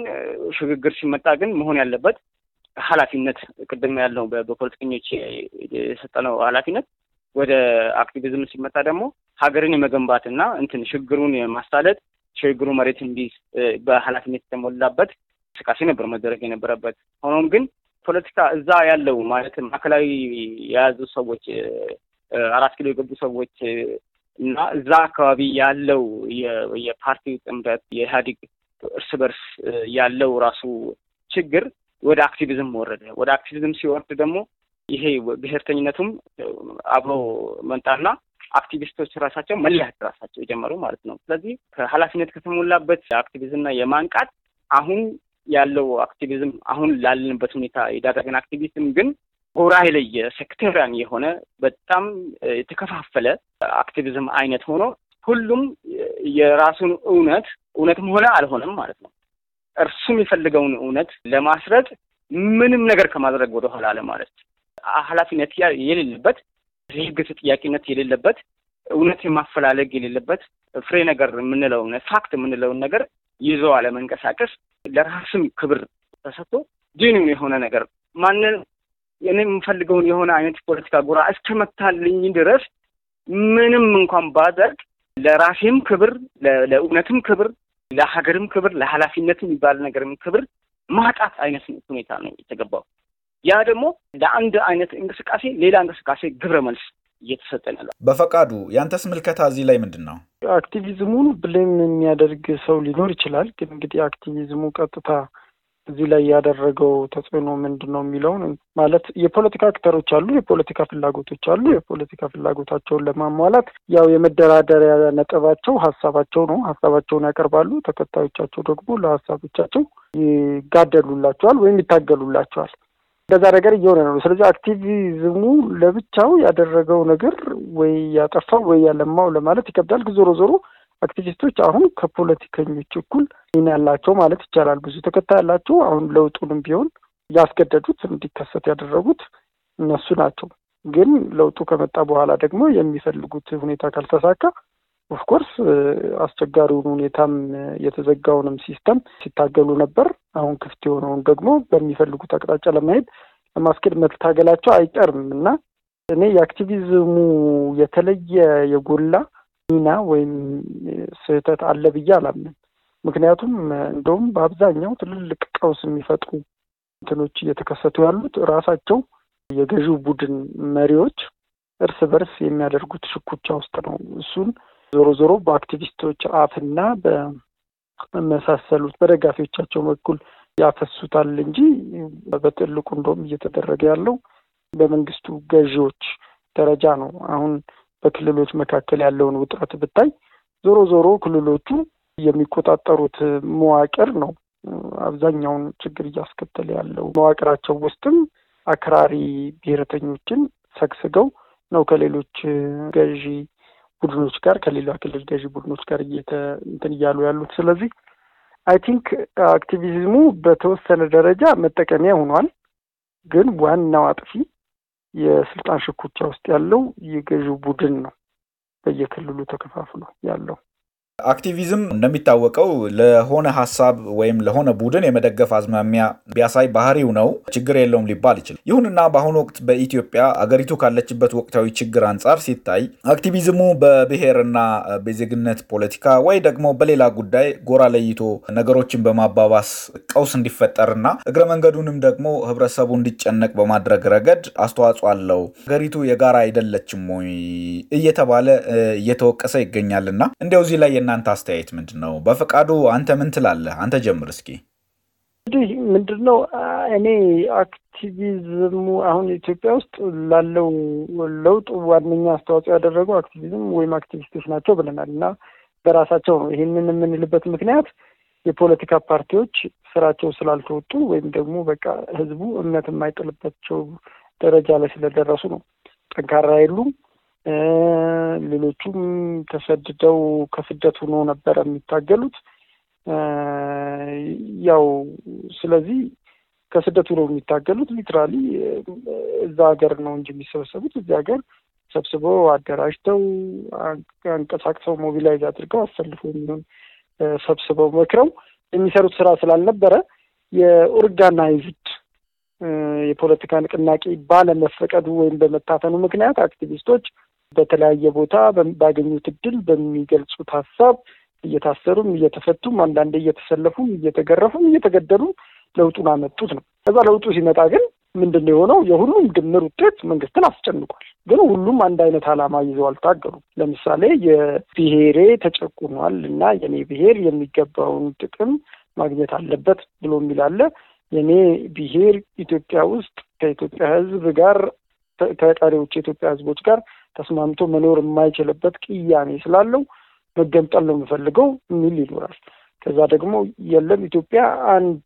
ሽግግር ሲመጣ ግን መሆን ያለበት ኃላፊነት ቅድም ያለው በፖለቲከኞች የሰጠነው ኃላፊነት ወደ አክቲቪዝም ሲመጣ ደግሞ ሀገርን የመገንባት እና እንትን ሽግሩን የማሳለጥ ሽግግሩ መሬት እንዲ በኃላፊነት የተሞላበት እንቅስቃሴ ነበር መደረግ የነበረበት። ሆኖም ግን ፖለቲካ እዛ ያለው ማለት ማዕከላዊ የያዙ ሰዎች አራት ኪሎ የገቡ ሰዎች እና እዛ አካባቢ ያለው የፓርቲው ጥምረት የኢህአዴግ እርስ በርስ ያለው ራሱ ችግር ወደ አክቲቪዝም ወረደ። ወደ አክቲቪዝም ሲወርድ ደግሞ ይሄ ብሔርተኝነቱም አብሮ መምጣና አክቲቪስቶች ራሳቸው መለያት ራሳቸው የጀመሩ ማለት ነው። ስለዚህ ከኃላፊነት ከተሞላበት አክቲቪዝምና የማንቃት አሁን ያለው አክቲቪዝም አሁን ላለንበት ሁኔታ የዳረገን አክቲቪዝም ግን ጎራ የለየ ሴክተሪያን የሆነ በጣም የተከፋፈለ አክቲቪዝም አይነት ሆኖ ሁሉም የራሱን እውነት እውነትም ሆነ አልሆነም ማለት ነው እርሱ የሚፈልገውን እውነት ለማስረጥ ምንም ነገር ከማድረግ ወደኋላ ለማለት ኃላፊነት የሌለበት የህግ ተጠያቂነት የሌለበት እውነት የማፈላለግ የሌለበት ፍሬ ነገር የምንለውን ፋክት የምንለውን ነገር ይዞ አለመንቀሳቀስ ለራስም ክብር ተሰጥቶ ጂኑን የሆነ ነገር ማንን እኔ የምፈልገውን የሆነ አይነት ፖለቲካ ጎራ እስከመታልኝ ድረስ ምንም እንኳን ባደርግ ለራሴም ክብር፣ ለእውነትም ክብር፣ ለሀገርም ክብር፣ ለኃላፊነት የሚባል ነገርም ክብር ማጣት አይነት ሁኔታ ነው የተገባው። ያ ደግሞ ለአንድ አይነት እንቅስቃሴ ሌላ እንቅስቃሴ ግብረ መልስ እየተሰጠን ያለ። በፈቃዱ ያንተስ ምልከታ እዚህ ላይ ምንድን ነው? አክቲቪዝሙን ብሌም የሚያደርግ ሰው ሊኖር ይችላል። ግን እንግዲህ አክቲቪዝሙ ቀጥታ እዚህ ላይ ያደረገው ተጽዕኖ ምንድን ነው የሚለውን ማለት የፖለቲካ አክተሮች አሉ፣ የፖለቲካ ፍላጎቶች አሉ። የፖለቲካ ፍላጎታቸውን ለማሟላት ያው የመደራደሪያ ነጥባቸው ሀሳባቸው ነው። ሀሳባቸውን ያቀርባሉ። ተከታዮቻቸው ደግሞ ለሀሳቦቻቸው ይጋደሉላቸዋል ወይም ይታገሉላቸዋል። እንደዛ ነገር እየሆነ ነው። ስለዚህ አክቲቪዝሙ ለብቻው ያደረገው ነገር ወይ ያጠፋው ወይ ያለማው ለማለት ይከብዳል። ዞሮ ዞሮ አክቲቪስቶች አሁን ከፖለቲከኞች እኩል ሚና ያላቸው ማለት ይቻላል። ብዙ ተከታይ ያላቸው አሁን ለውጡንም ቢሆን ያስገደዱት እንዲከሰት ያደረጉት እነሱ ናቸው። ግን ለውጡ ከመጣ በኋላ ደግሞ የሚፈልጉት ሁኔታ ካልተሳካ ኦፍኮርስ uh, አስቸጋሪውን ሁኔታም uh, የተዘጋውንም ሲስተም ሲታገሉ ነበር። አሁን ክፍት የሆነውን ደግሞ በሚፈልጉት አቅጣጫ ለማሄድ ለማስኬድ መታገላቸው አይቀርም እና እኔ የአክቲቪዝሙ የተለየ የጎላ ሚና ወይም uh, ስህተት አለ ብዬ አላምንም። ምክንያቱም እንደውም በአብዛኛው ትልልቅ ቀውስ የሚፈጥሩ እንትኖች እየተከሰቱ ያሉት ራሳቸው የገዢው ቡድን መሪዎች እርስ በርስ የሚያደርጉት ሽኩቻ ውስጥ ነው። እሱን ዞሮ ዞሮ በአክቲቪስቶች አፍና በመሳሰሉት በደጋፊዎቻቸው በኩል ያፈሱታል እንጂ በትልቁ እንደም እየተደረገ ያለው በመንግስቱ ገዢዎች ደረጃ ነው። አሁን በክልሎች መካከል ያለውን ውጥረት ብታይ ዞሮ ዞሮ ክልሎቹ የሚቆጣጠሩት መዋቅር ነው አብዛኛውን ችግር እያስከተለ ያለው። መዋቅራቸው ውስጥም አክራሪ ብሔረተኞችን ሰግስገው ነው ከሌሎች ገዢ ቡድኖች ጋር ከሌላ ክልል ገዢ ቡድኖች ጋር እንትን እያሉ ያሉት። ስለዚህ አይ ቲንክ አክቲቪዝሙ በተወሰነ ደረጃ መጠቀሚያ ሆኗል። ግን ዋናው አጥፊ የስልጣን ሽኩቻ ውስጥ ያለው የገዢው ቡድን ነው፣ በየክልሉ ተከፋፍሎ ያለው አክቲቪዝም እንደሚታወቀው ለሆነ ሀሳብ ወይም ለሆነ ቡድን የመደገፍ አዝማሚያ ቢያሳይ ባህሪው ነው፣ ችግር የለውም ሊባል ይችላል። ይሁንና በአሁኑ ወቅት በኢትዮጵያ አገሪቱ ካለችበት ወቅታዊ ችግር አንጻር ሲታይ አክቲቪዝሙ በብሔርና በዜግነት ፖለቲካ ወይ ደግሞ በሌላ ጉዳይ ጎራ ለይቶ ነገሮችን በማባባስ ቀውስ እንዲፈጠርና እግረ መንገዱንም ደግሞ ህብረተሰቡ እንዲጨነቅ በማድረግ ረገድ አስተዋጽኦ አለው። አገሪቱ የጋራ አይደለችም ወይ እየተባለ እየተወቀሰ ይገኛልና እንዲያው እዚህ ላይ የእናንተ አስተያየት ምንድን ነው? በፈቃዱ አንተ ምን ትላለህ? አንተ ጀምር እስኪ። እንግዲህ ምንድን ነው እኔ አክቲቪዝሙ አሁን ኢትዮጵያ ውስጥ ላለው ለውጥ ዋነኛ አስተዋጽኦ ያደረጉ አክቲቪዝም ወይም አክቲቪስቶች ናቸው ብለናል እና በራሳቸው ነው። ይህንን የምንልበት ምክንያት የፖለቲካ ፓርቲዎች ስራቸው ስላልተወጡ ወይም ደግሞ በቃ ህዝቡ እምነት የማይጥልባቸው ደረጃ ላይ ስለደረሱ ነው። ጠንካራ የሉም፣ ሌሎቹም ተሰድደው ከስደት ሆኖ ነበር የሚታገሉት። ያው ስለዚህ ከስደት ሆኖ የሚታገሉት ሊትራሊ እዛ ሀገር ነው እንጂ የሚሰበሰቡት እዚህ ሀገር ሰብስበው አደራጅተው አንቀሳቅሰው ሞቢላይዝ አድርገው አሰልፎ የሚሆን ሰብስበው መክረው የሚሰሩት ስራ ስላልነበረ የኦርጋናይዝድ የፖለቲካ ንቅናቄ ባለመፈቀዱ ወይም በመታፈኑ ምክንያት አክቲቪስቶች በተለያየ ቦታ ባገኙት እድል በሚገልጹት ሀሳብ እየታሰሩም እየተፈቱም አንዳንዴ እየተሰለፉም እየተገረፉም እየተገደሉም ለውጡን አመጡት ነው። ከዛ ለውጡ ሲመጣ ግን ምንድን ነው የሆነው? የሁሉም ድምር ውጤት መንግስትን አስጨንቋል። ግን ሁሉም አንድ አይነት ዓላማ ይዘው አልታገሉም። ለምሳሌ የብሔሬ ተጨቁኗል እና የኔ ብሔር የሚገባውን ጥቅም ማግኘት አለበት ብሎ የሚላለ የኔ ብሔር ኢትዮጵያ ውስጥ ከኢትዮጵያ ሕዝብ ጋር ከቀሪዎቹ የኢትዮጵያ ሕዝቦች ጋር ተስማምቶ መኖር የማይችልበት ቅያሜ ስላለው መገንጠል ነው የምፈልገው የሚል ይኖራል። ከዛ ደግሞ የለም ኢትዮጵያ አንድ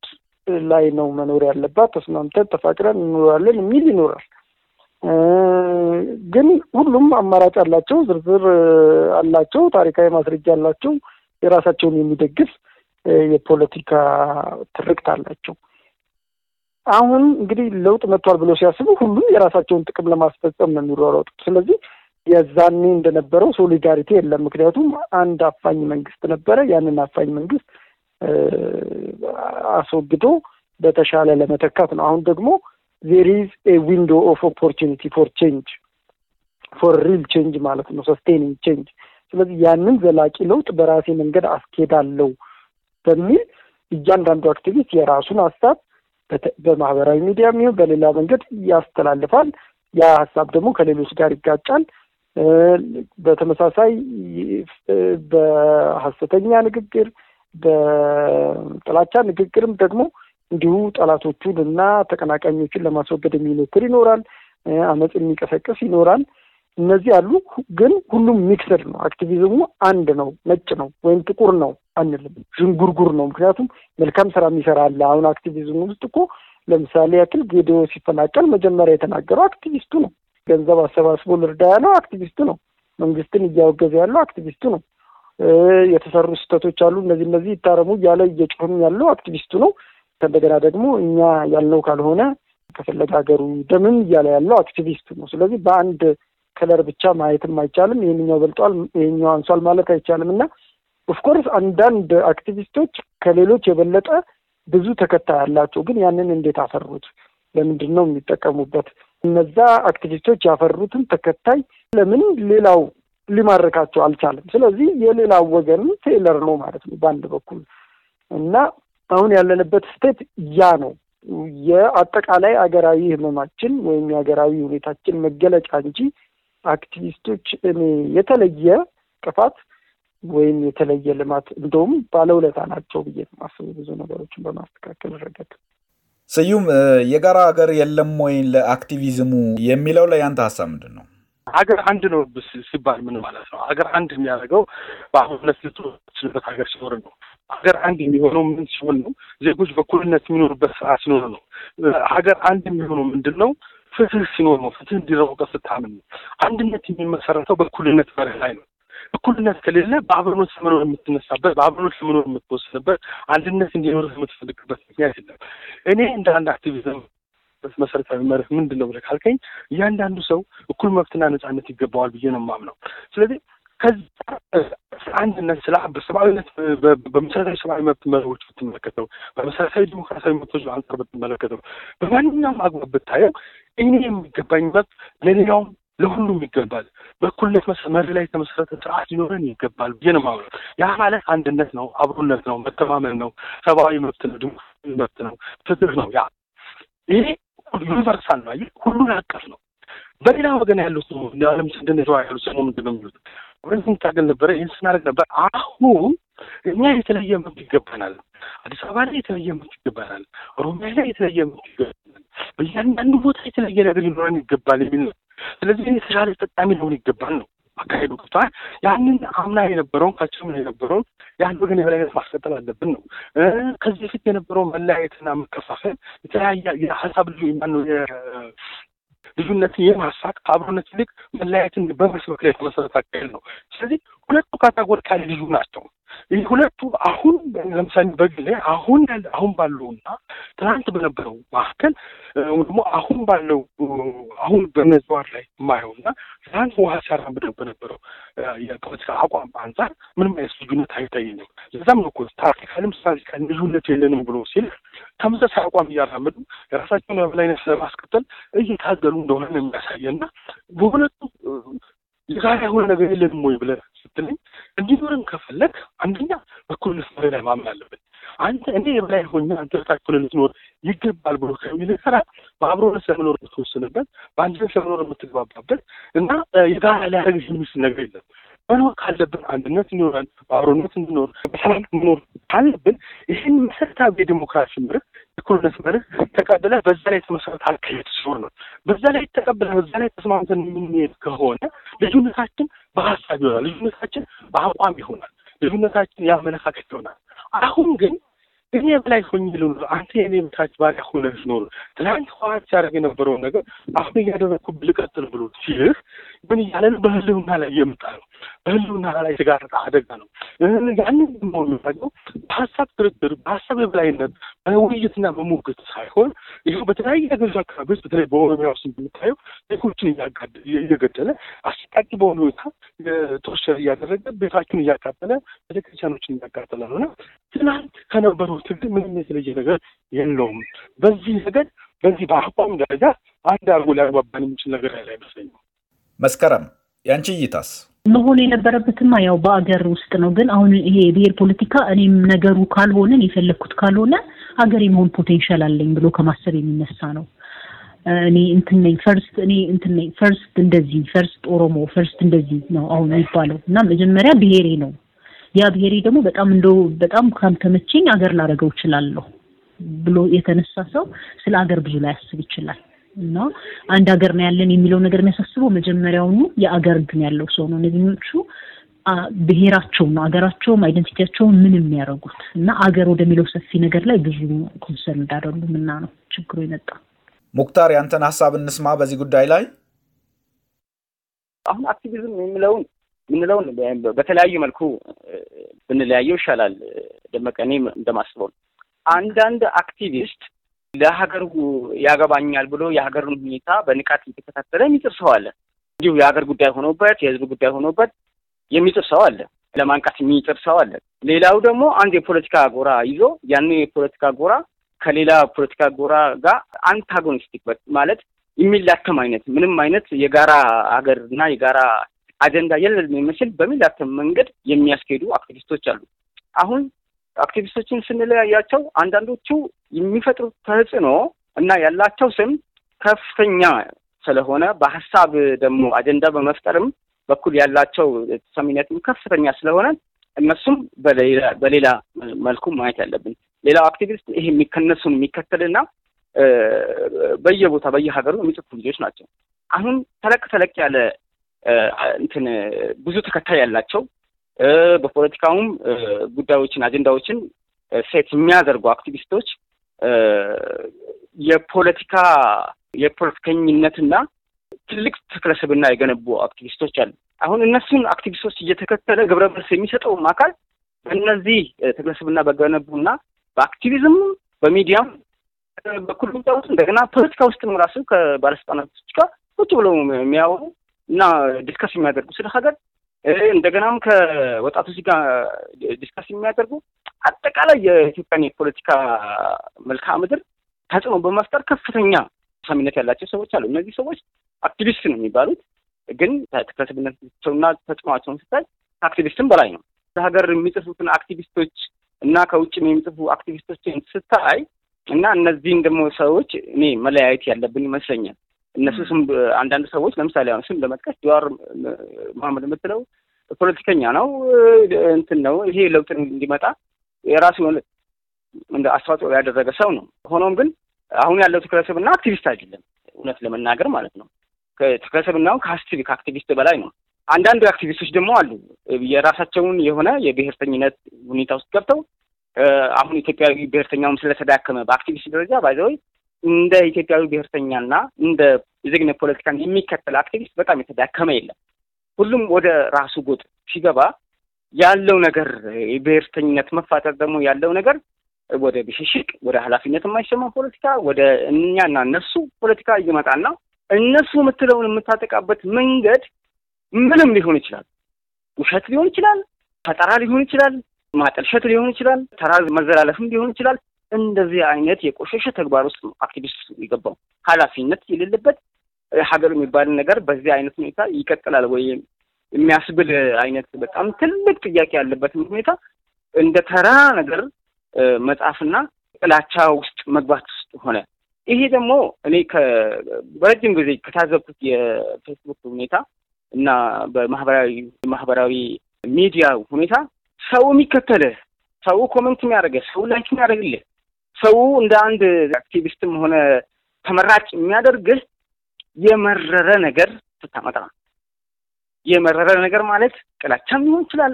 ላይ ነው መኖር ያለባት፣ ተስማምተን ተፋቅረን እንኖራለን የሚል ይኖራል። ግን ሁሉም አማራጭ አላቸው፣ ዝርዝር አላቸው፣ ታሪካዊ ማስረጃ አላቸው፣ የራሳቸውን የሚደግፍ የፖለቲካ ትርክት አላቸው። አሁን እንግዲህ ለውጥ መጥቷል ብሎ ሲያስቡ ሁሉም የራሳቸውን ጥቅም ለማስፈጸም ነው የሚሯሯጡት። ስለዚህ የዛኔ እንደነበረው ሶሊዳሪቲ የለም። ምክንያቱም አንድ አፋኝ መንግስት ነበረ። ያንን አፋኝ መንግስት አስወግዶ በተሻለ ለመተካት ነው። አሁን ደግሞ ዜር ኢዝ ኤ ዊንዶ ኦፍ ኦፖርቹኒቲ ፎር ቼንጅ ፎር ሪል ቼንጅ ማለት ነው፣ ሰስቴኒንግ ቼንጅ። ስለዚህ ያንን ዘላቂ ለውጥ በራሴ መንገድ አስኬዳለው በሚል እያንዳንዱ አክቲቪስት የራሱን ሀሳብ በማህበራዊ ሚዲያ የሚሆን በሌላ መንገድ ያስተላልፋል። ያ ሀሳብ ደግሞ ከሌሎች ጋር ይጋጫል። በተመሳሳይ በሀሰተኛ ንግግር፣ በጥላቻ ንግግርም ደግሞ እንዲሁ ጠላቶቹን እና ተቀናቃኞቹን ለማስወገድ የሚሞክር ይኖራል። አመፅ የሚቀሰቅስ ይኖራል። እነዚህ አሉ። ግን ሁሉም ሚክስድ ነው። አክቲቪዝሙ አንድ ነው፣ ነጭ ነው ወይም ጥቁር ነው አንልም፣ ዥንጉርጉር ነው። ምክንያቱም መልካም ስራ የሚሰራ አለ። አሁን አክቲቪዝሙ ውስጥ እኮ ለምሳሌ ያክል ጌዲዮ ሲፈናቀል መጀመሪያ የተናገረው አክቲቪስቱ ነው። ገንዘብ አሰባስቦ ልርዳ ያለው አክቲቪስት ነው። መንግስትን እያወገዘ ያለው አክቲቪስቱ ነው። የተሰሩ ስህተቶች አሉ፣ እነዚህ እነዚህ ይታረሙ እያለ እየጮህም ያለው አክቲቪስቱ ነው። ከእንደገና ደግሞ እኛ ያልነው ካልሆነ ከፈለገ ሀገሩ ደምም እያለ ያለው አክቲቪስት ነው። ስለዚህ በአንድ ከለር ብቻ ማየትም አይቻልም። ይህንኛው በልጧል፣ ይህኛው አንሷል ማለት አይቻልም እና ኦፍኮርስ አንዳንድ አክቲቪስቶች ከሌሎች የበለጠ ብዙ ተከታይ ያላቸው ግን ያንን እንዴት አፈሩት? ለምንድን ነው የሚጠቀሙበት? እነዛ አክቲቪስቶች ያፈሩትን ተከታይ ለምን ሌላው ሊማርካቸው አልቻለም? ስለዚህ የሌላው ወገን ቴይለር ነው ማለት ነው በአንድ በኩል እና አሁን ያለንበት ስቴት ያ ነው። የአጠቃላይ አገራዊ ህመማችን ወይም የሀገራዊ ሁኔታችን መገለጫ እንጂ አክቲቪስቶች እኔ የተለየ ጥፋት ወይም የተለየ ልማት እንደውም ባለውለታ ናቸው ብዬ ማስቡ ብዙ ነገሮችን በማስተካከል ረገድ ስዩም የጋራ ሀገር የለም ወይ ለአክቲቪዝሙ የሚለው ላይ ያንተ ሀሳብ ምንድን ነው? ሀገር አንድ ነው ሲባል ምን ማለት ነው? ሀገር አንድ የሚያደርገው በአሁነት ልትችልበት ሀገር ሲኖር ነው። ሀገር አንድ የሚሆነው ምን ሲሆን ነው? ዜጎች በኩልነት የሚኖሩበት ስርዓት ሲኖር ነው። ሀገር አንድ የሚሆነው ምንድን ነው? ፍትህ ሲኖር ነው። ፍትህ እንዲረው ስታምን ነው። አንድነት የሚመሰረተው በኩልነት መርህ ላይ ነው። እኩልነት ከሌለ በአብሮነት ለመኖር የምትነሳበት በአብሮነት ለመኖር የምትወስንበት አንድነት እንዲኖርህ የምትፈልግበት ምክንያት የለም። እኔ እንደ አንድ አክቲቪዝም መሰረታዊ መርህ ምንድን ነው ብለህ ካልከኝ እያንዳንዱ ሰው እኩል መብትና ነጻነት ይገባዋል ብዬ ነው የማምነው። ስለዚህ ከዛ ስለ አንድነት ስለ በሰብአዊነት በመሰረታዊ ሰብአዊ መብት መርሆች ብትመለከተው በመሰረታዊ ዲሞክራሲያዊ መብቶች አንጻር ብትመለከተው በማንኛውም አግባብ ብታየው እኔ የሚገባኝ መብት ለሌላውም ለሁሉም ይገባል። በእኩልነት መሪ ላይ የተመሰረተ ስርዓት ሊኖረን ይገባል ብዬ ነው የማምነው። ያ ማለት አንድነት ነው፣ አብሮነት ነው፣ መተማመን ነው፣ ሰብአዊ መብት ነው፣ ዲሞክራሲ መብት ነው፣ ፍትህ ነው። ያ ይሄ ዩኒቨርሳል ነው፣ ሁሉን አቀፍ ነው። በሌላ ወገን ያሉ ነው ለዓለም ስድን ያሉ ስሙ ሰሞ ምንድን ነው የሚሉት? አብረን ስንታገል ነበረ፣ ይህን ስናደርግ ነበር። አሁን እኛ የተለየ መብት ይገባናል። አዲስ አበባ ላይ የተለየ መብት ይገባናል። ኦሮሚያ ላይ የተለየ መብት ይገባናል። በእያንዳንዱ ቦታ የተለየ ነገር ሊኖረን ይገባል የሚል ነው ስለዚህ የተሻለ ተጠቃሚ ሊሆን ይገባል ነው አካሄዱ ገብቷል። ያንን አምና የነበረውን ካቸውም የነበረውን ያን ወገን የበላይነት ማስቀጠል አለብን ነው። ከዚህ በፊት የነበረው መለያየትና መከፋፈል የተለያየ የሀሳብ ልዩ ማነው ልዩነትን የማሳቅ አብሮነት ይልቅ መለያየትን በመስበክ ላይ የተመሰረተ አካሄድ ነው። ስለዚህ ሁለቱ ካታጎሪ ካለ ልዩ ናቸው። ይህ ሁለቱ አሁን ለምሳሌ በግሌ አሁን አሁን ባለውና ትናንት በነበረው መካከል ደግሞ አሁን ባለው አሁን በመዘዋር ላይ የማየውና ትናንት ውሃ ሲያራምድ በነበረው የፖለቲካ አቋም አንጻር ምንም አይነት ልዩነት አይታየኝም። ለዛም ነው እኮ ታክቲካልም ስትራቴጂካል ልዩነት የለንም ብሎ ሲል ተመሳሳይ አቋም እያራመዱ የራሳቸውን የበላይነት ለማስቀጠል እየታገሉ እንደሆነ ነው የሚያሳየና በሁለቱ የጋራ የሆነ ነገር የለንም ወይ ብለህ ስትለኝ እንዲኖርም ከፈለግ አንደኛ እኩልነት መሪ ላይ ማመን አለብን። አንተ እኔ የበላይ ሆኜ አንተ ታች ሆነህ ልትኖር ይገባል ብሎ ከሚል ስራ በአብሮነት ለመኖር የምትወስንበት፣ በአንድነት ለመኖር የምትግባባበት እና የጋራ ሊያደርግህ የሚችል ነገር የለም። መኖር ካለብን አንድነት እንዲኖረን በአብሮነት እንዲኖር በሰላም መኖር ካለብን ይህን መሰረታዊ የዲሞክራሲ ምርት የእኩልነት መርህ ተቀብለ በዛ ላይ የተመሰረተ አካሄድ ሲኖር ነው። በዛ ላይ ተቀብለ በዛ ላይ ተስማምተን የምንሄድ ከሆነ ልዩነታችን በሀሳብ ይሆናል። ልዩነታችን በአቋም ይሆናል። ልዩነታችን የአመለካከት ይሆናል። አሁን ግን እኔ በላይ ሆኜ ልኑር፣ አንተ የኔ በታች ባሪያ ሆነህ ኖር፣ ትላንት ህወሓት ሲያደርግ የነበረውን ነገር አሁን እያደረግኩ ልቀጥል ብሎ ሲልህ ምን እያለን በህልውና ላይ የመጣ ነው። በህልውና ላይ የተጋረጠ አደጋ ነው። ያንን ደግሞ የሚያደርገው በሀሳብ ድርድር፣ በሀሳብ የበላይነት፣ በውይይትና በሞግት ሳይሆን ይኸው በተለያየ ሀገሪቱ አካባቢዎች በተለይ በኦሮሚያ ውስጥ የምታየው ዜጎችን እየገደለ አሰቃቂ በሆነ ሁኔታ ቶርቸር እያደረገ ቤታችን እያቃጠለ ቤተክርስቲያኖችን እያቃጠለ ነው እና ትናንት ከነበረው ትግል ምንም የተለየ ነገር የለውም። በዚህ ነገር በዚህ በአቋም ደረጃ አንድ አርጎ ሊያግባባን የሚችል ነገር ያለ አይመስለኝም። መስከረም ያንቺ እይታስ? መሆን የነበረበትማ ያው በአገር ውስጥ ነው። ግን አሁን ይሄ የብሔር ፖለቲካ እኔም ነገሩ ካልሆነ የፈለግኩት ካልሆነ ሀገር የመሆን ፖቴንሻል አለኝ ብሎ ከማሰብ የሚነሳ ነው። እኔ እንትን ነኝ ፈርስት እኔ እንትን ነኝ ፈርስት እንደዚህ ፈርስት ኦሮሞ ፈርስት እንደዚህ ነው አሁን የሚባለው እና መጀመሪያ ብሔሬ ነው። ያ ብሔሬ ደግሞ በጣም እንደ በጣም ካልተመቸኝ አገር ላደርገው እችላለሁ ብሎ የተነሳ ሰው ስለ አገር ብዙ ላይ ያስብ ይችላል። እና አንድ ሀገር ነው ያለን የሚለው ነገር የሚያሳስበው መጀመሪያውኑ የአገር ግን ያለው ሰው ነው። እነዚህኞቹ ብሔራቸውን ነው አገራቸውም አይደንቲቲያቸውን ምን የሚያደርጉት እና አገር ወደሚለው ሰፊ ነገር ላይ ብዙ ኮንሰርን እንዳደሉም እና ነው ችግሩ የመጣ። ሙክታር ያንተን ሀሳብ እንስማ በዚህ ጉዳይ ላይ። አሁን አክቲቪዝም የሚለውን የምንለውን በተለያየ መልኩ ብንለያየው ይሻላል። ደመቀ እኔ እንደማስበው አንዳንድ አክቲቪስት ለሀገር ያገባኛል ብሎ የሀገርን ሁኔታ በንቃት እየተከታተለ የሚጥር ሰው አለ። እንዲሁ የሀገር ጉዳይ ሆኖበት የህዝብ ጉዳይ ሆኖበት የሚጥር ሰው አለ። ለማንቃት የሚጥር ሰው አለ። ሌላው ደግሞ አንድ የፖለቲካ ጎራ ይዞ ያን የፖለቲካ ጎራ ከሌላ ፖለቲካ ጎራ ጋር አንታጎኒስቲክ ማለት የሚላተም አይነት ምንም አይነት የጋራ ሀገር እና የጋራ አጀንዳ የለን የሚመስል በሚላተም መንገድ የሚያስኬዱ አክቲቪስቶች አሉ። አሁን አክቲቪስቶችን ስንለያያቸው አንዳንዶቹ የሚፈጥሩት ተጽዕኖ እና ያላቸው ስም ከፍተኛ ስለሆነ በሀሳብ ደግሞ አጀንዳ በመፍጠርም በኩል ያላቸው ተሰሚነትም ከፍተኛ ስለሆነ እነሱም በሌላ መልኩ ማየት ያለብን። ሌላው አክቲቪስት ይሄ ከእነሱን የሚከተልና በየቦታ በየሀገሩ የሚጽፉ ልጆች ናቸው። አሁን ተለቅ ተለቅ ያለ እንትን ብዙ ተከታይ ያላቸው በፖለቲካውም ጉዳዮችን አጀንዳዎችን ሴት የሚያደርጉ አክቲቪስቶች የፖለቲካ የፖለቲከኝነትና ትልቅ ትክለስብና የገነቡ አክቲቪስቶች አሉ። አሁን እነሱን አክቲቪስቶች እየተከተለ ግብረ መልስ የሚሰጠውም አካል በእነዚህ ትክለስብና በገነቡና በአክቲቪዝም በሚዲያም በኩል ሚጫወቱ እንደገና ፖለቲካ ውስጥም ራሱ ከባለስልጣናቶች ጋር ቁጭ ብለው የሚያወሩ እና ዲስከስ የሚያደርጉ ስለ ሀገር እንደገናም ከወጣቶች ጋር ዲስከስ የሚያደርጉ አጠቃላይ የኢትዮጵያን የፖለቲካ መልክዓ ምድር ተጽዕኖ በመፍጠር ከፍተኛ ተሰሚነት ያላቸው ሰዎች አሉ። እነዚህ ሰዎች አክቲቪስት ነው የሚባሉት፣ ግን ተክለሰብነታቸውና ተጽዕኖቸውን ስታይ ከአክቲቪስትም በላይ ነው። ሀገር የሚጽፉትን አክቲቪስቶች እና ከውጭም የሚጽፉ አክቲቪስቶችን ስታይ እና እነዚህን ደግሞ ሰዎች እኔ መለያየት ያለብን ይመስለኛል። እነሱ ስም አንዳንድ ሰዎች ለምሳሌ አሁን ስም ለመጥቀስ ጀዋር መሐመድ የምትለው ፖለቲከኛ ነው እንትን ነው ይሄ ለውጥ እንዲመጣ የራሱ የሆነ እንደ አስተዋጽኦ ያደረገ ሰው ነው። ሆኖም ግን አሁን ያለው ትክለሰብና አክቲቪስት አይደለም፣ እውነት ለመናገር ማለት ነው። ተክለሰብናው ከአስቲቪ ከአክቲቪስት በላይ ነው። አንዳንድ አክቲቪስቶች ደግሞ አሉ የራሳቸውን የሆነ የብሔርተኝነት ሁኔታ ውስጥ ገብተው አሁን ኢትዮጵያዊ ብሔርተኛውም ስለተዳከመ በአክቲቪስት ደረጃ ባይዘወይ እንደ ኢትዮጵያዊ ብሔርተኛና እንደ የዜግነት ፖለቲካን የሚከተል አክቲቪስት በጣም የተዳከመ የለም። ሁሉም ወደ ራሱ ጎጥ ሲገባ ያለው ነገር የብሔርተኝነት መፋጠር ደግሞ ያለው ነገር ወደ ብሽሽቅ፣ ወደ ኃላፊነት የማይሰማ ፖለቲካ ወደ እኛና እነሱ ፖለቲካ እየመጣና እነሱ የምትለውን የምታጠቃበት መንገድ ምንም ሊሆን ይችላል። ውሸት ሊሆን ይችላል። ፈጠራ ሊሆን ይችላል። ማጠልሸት ሊሆን ይችላል። ተራ መዘላለፍም ሊሆን ይችላል። እንደዚህ አይነት የቆሸሸ ተግባር ውስጥ ነው አክቲቪስት የገባው። ኃላፊነት የሌለበት ሀገር የሚባል ነገር በዚህ አይነት ሁኔታ ይቀጥላል ወይ የሚያስብል አይነት በጣም ትልቅ ጥያቄ ያለበትን ሁኔታ እንደ ተራ ነገር መጻፍና ጥላቻ ውስጥ መግባት ውስጥ ሆነ። ይሄ ደግሞ እኔ በረጅም ጊዜ ከታዘብኩት የፌስቡክ ሁኔታ እና በማህበራዊ ማህበራዊ ሚዲያ ሁኔታ ሰው የሚከተልህ ሰው ኮመንት የሚያደርግህ ሰው ላይክ የሚያደርግልህ ሰው እንደ አንድ አክቲቪስትም ሆነ ተመራጭ የሚያደርግህ የመረረ ነገር ስታመጣ የመረረ ነገር ማለት ጥላቻም ሊሆን ይችላል፣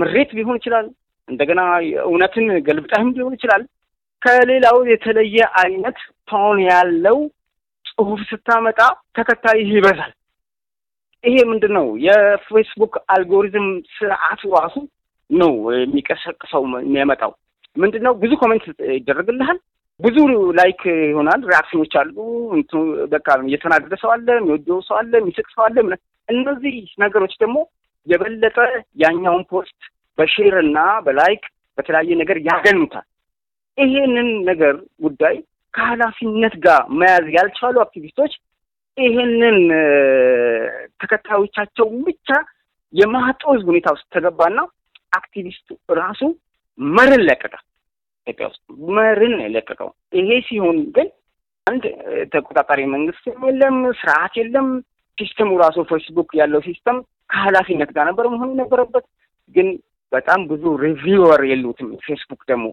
ምሬት ሊሆን ይችላል፣ እንደገና እውነትን ገልብጠህም ሊሆን ይችላል። ከሌላው የተለየ አይነት ቶን ያለው ጽሁፍ ስታመጣ ተከታይህ ይበዛል። ይሄ ምንድን ነው? የፌስቡክ አልጎሪዝም ስርዓቱ ራሱ ነው የሚቀሰቅሰው የሚያመጣው ምንድን ነው ብዙ ኮሜንት ይደረግልሃል፣ ብዙ ላይክ ይሆናል፣ ሪያክሽኖች አሉ። በቃ እየተናደደ ሰው አለ፣ የሚወደው ሰው አለ፣ የሚስቅ ሰው አለ። እነዚህ ነገሮች ደግሞ የበለጠ ያኛውን ፖስት በሼር እና በላይክ በተለያየ ነገር ያገኙታል። ይሄንን ነገር ጉዳይ ከኃላፊነት ጋር መያዝ ያልቻሉ አክቲቪስቶች ይሄንን ተከታዮቻቸውን ብቻ የማጦዝ ሁኔታ ውስጥ ተገባና አክቲቪስቱ ራሱ መርን ለቀቀ። ኢትዮጵያ ውስጥ መርን የለቀቀው ይሄ ሲሆን ግን አንድ ተቆጣጣሪ መንግስት የለም፣ ስርዓት የለም። ሲስተሙ ራሱ ፌስቡክ ያለው ሲስተም ከኃላፊነት ጋር ነበር መሆን የነበረበት ግን በጣም ብዙ ሪቪወር የሉትም። ፌስቡክ ደግሞ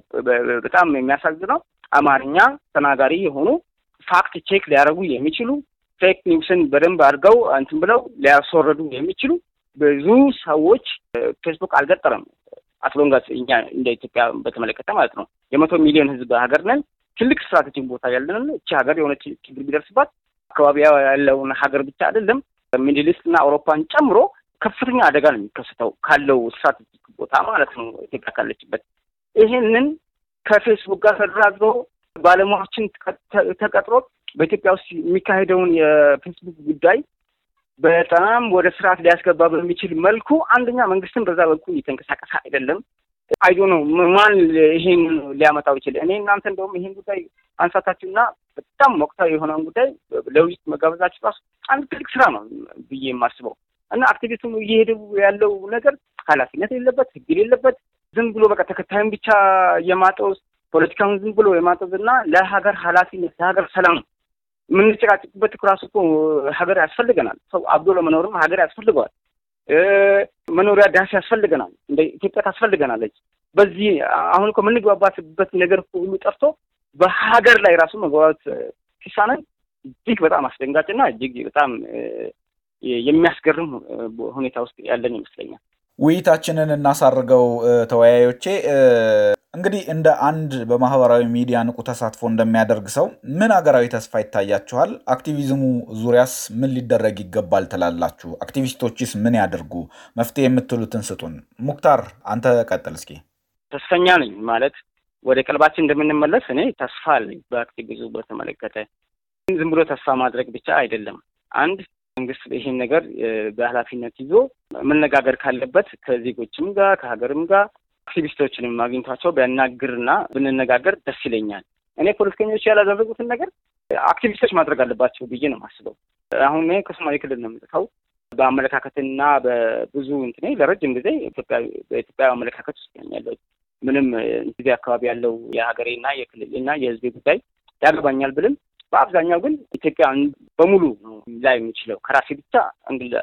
በጣም የሚያሳዝነው አማርኛ ተናጋሪ የሆኑ ፋክት ቼክ ሊያደርጉ የሚችሉ ፌክ ኒውስን በደንብ አድርገው እንትን ብለው ሊያስወረዱ የሚችሉ ብዙ ሰዎች ፌስቡክ አልገጠረም። አስሎንጋስ እኛ እንደ ኢትዮጵያ በተመለከተ ማለት ነው የመቶ ሚሊዮን ህዝብ ሀገር ነን። ትልቅ ስትራቴጂክ ቦታ ያለን እቺ ሀገር የሆነ ችግር ቢደርስባት አካባቢ ያለውን ሀገር ብቻ አይደለም ሚድል ኢስት እና አውሮፓን ጨምሮ ከፍተኛ አደጋ ነው የሚከሰተው ካለው ስትራቴጂክ ቦታ ማለት ነው ኢትዮጵያ ካለችበት። ይህንን ከፌስቡክ ጋር ተደራድሮ ባለሙያዎችን ተቀጥሮ በኢትዮጵያ ውስጥ የሚካሄደውን የፌስቡክ ጉዳይ በጣም ወደ ስርዓት ሊያስገባ በሚችል መልኩ አንደኛ መንግስትን በዛ መልኩ እየተንቀሳቀሰ አይደለም። አይዶ ነው ማን ይሄን ሊያመጣው ይችል። እኔ እናንተ እንደውም ይሄን ጉዳይ አንሳታችሁና በጣም ወቅታዊ የሆነውን ጉዳይ ለውይይት መጋበዛችሁ ራሱ አንድ ትልቅ ስራ ነው ብዬ የማስበው እና አክቲቪስቱም እየሄደ ያለው ነገር ኃላፊነት የሌለበት ህግ የሌለበት ዝም ብሎ በቃ ተከታዩን ብቻ የማጦዝ ፖለቲካውን ዝም ብሎ የማጠዝ እና ለሀገር ኃላፊነት ለሀገር ሰላም የምንጨቃጭቅበት ራሱ እኮ ሀገር ያስፈልገናል። ሰው አብዶ ለመኖርም ሀገር ያስፈልገዋል። መኖሪያ ዳስ ያስፈልገናል። እንደ ኢትዮጵያ ታስፈልገናለች። በዚህ አሁን እኮ የምንግባባትበት ነገር ሁሉ ጠፍቶ በሀገር ላይ ራሱ መግባባት ሲሳነን እጅግ በጣም አስደንጋጭና እጅግ በጣም የሚያስገርም ሁኔታ ውስጥ ያለን ይመስለኛል። ውይይታችንን እናሳርገው። ተወያዮቼ እንግዲህ እንደ አንድ በማህበራዊ ሚዲያ ንቁ ተሳትፎ እንደሚያደርግ ሰው ምን ሀገራዊ ተስፋ ይታያችኋል? አክቲቪዝሙ ዙሪያስ ምን ሊደረግ ይገባል ትላላችሁ? አክቲቪስቶችስ ምን ያደርጉ? መፍትሄ የምትሉትን ስጡን። ሙክታር አንተ ቀጥል እስኪ። ተስፈኛ ነኝ ማለት ወደ ቀልባችን እንደምንመለስ እኔ ተስፋ አለኝ። በአክቲቪዝሙ በተመለከተ ዝም ብሎ ተስፋ ማድረግ ብቻ አይደለም። አንድ መንግስት ይሄን ነገር በኃላፊነት ይዞ መነጋገር ካለበት ከዜጎችም ጋር ከሀገርም ጋር አክቲቪስቶችንም ማግኝቷቸው ቢያናግርና ብንነጋገር ደስ ይለኛል። እኔ ፖለቲከኞች ያላደረጉትን ነገር አክቲቪስቶች ማድረግ አለባቸው ብዬ ነው የማስበው። አሁን እኔ ከሶማሌ ክልል ነው የምጽፈው። በአመለካከትና በብዙ እንትን ለረጅም ጊዜ በኢትዮጵያ አመለካከት ውስጥ ነኝ ያለሁት። ምንም ጊዜ አካባቢ ያለው የሀገሬና የክልልና የህዝቤ ጉዳይ ያገባኛል ብልም በአብዛኛው ግን ኢትዮጵያ በሙሉ ነው ላይ የሚችለው ከራሴ ብቻ አንግል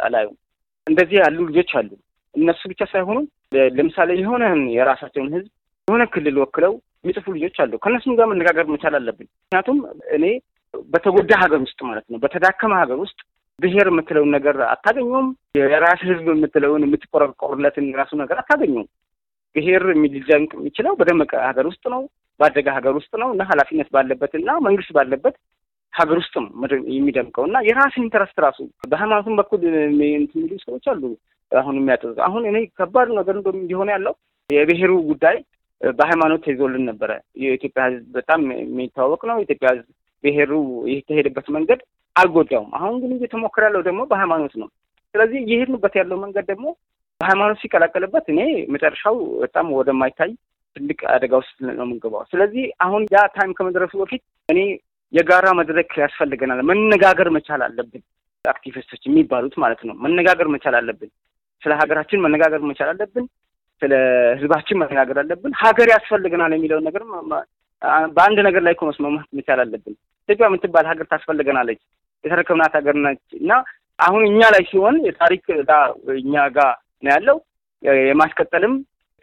እንደዚህ ያሉ ልጆች አሉ። እነሱ ብቻ ሳይሆኑ ለምሳሌ የሆነን የራሳቸውን ህዝብ የሆነ ክልል ወክለው የሚጽፉ ልጆች አሉ። ከእነሱም ጋር መነጋገር መቻል አለብን። ምክንያቱም እኔ በተጎዳ ሀገር ውስጥ ማለት ነው በተዳከመ ሀገር ውስጥ ብሄር የምትለውን ነገር አታገኘውም። የራስ ህዝብ የምትለውን የምትቆረቆርለትን የራሱ ነገር አታገኘውም። ብሄር የሚልዘንቅ የሚችለው በደመቀ ሀገር ውስጥ ነው፣ ባደገ ሀገር ውስጥ ነው እና ኃላፊነት ባለበት እና መንግስት ባለበት ሀገር ውስጥም የሚደምቀው እና የራስን ኢንተረስት ራሱ በሃይማኖትም በኩል የሚሉ ሰዎች አሉ። አሁን የሚያጠዙ አሁን እኔ ከባድ ነገር እንዲሆነ ያለው የብሔሩ ጉዳይ በሃይማኖት ተይዞልን ነበረ። የኢትዮጵያ ሕዝብ በጣም የሚታወቅ ነው። የኢትዮጵያ ሕዝብ ብሔሩ የተሄደበት መንገድ አልጎዳውም። አሁን ግን እየተሞከረ ያለው ደግሞ በሃይማኖት ነው። ስለዚህ እየሄድንበት ያለው መንገድ ደግሞ በሃይማኖት ሲቀላቀልበት እኔ መጨረሻው በጣም ወደማይታይ ትልቅ አደጋ ውስጥ ነው የምንገባው። ስለዚህ አሁን ያ ታይም ከመድረሱ በፊት እኔ የጋራ መድረክ ያስፈልገናል። መነጋገር መቻል አለብን። አክቲቪስቶች የሚባሉት ማለት ነው። መነጋገር መቻል አለብን። ስለ ሀገራችን መነጋገር መቻል አለብን። ስለ ህዝባችን መነጋገር አለብን። ሀገር ያስፈልገናል የሚለውን ነገር በአንድ ነገር ላይ እኮ መማት መቻል አለብን። ኢትዮጵያ የምትባል ሀገር ታስፈልገናለች። የተረከብናት ሀገር ነች እና አሁን እኛ ላይ ሲሆን የታሪክ እዳ እኛ ጋር ነው ያለው። የማስቀጠልም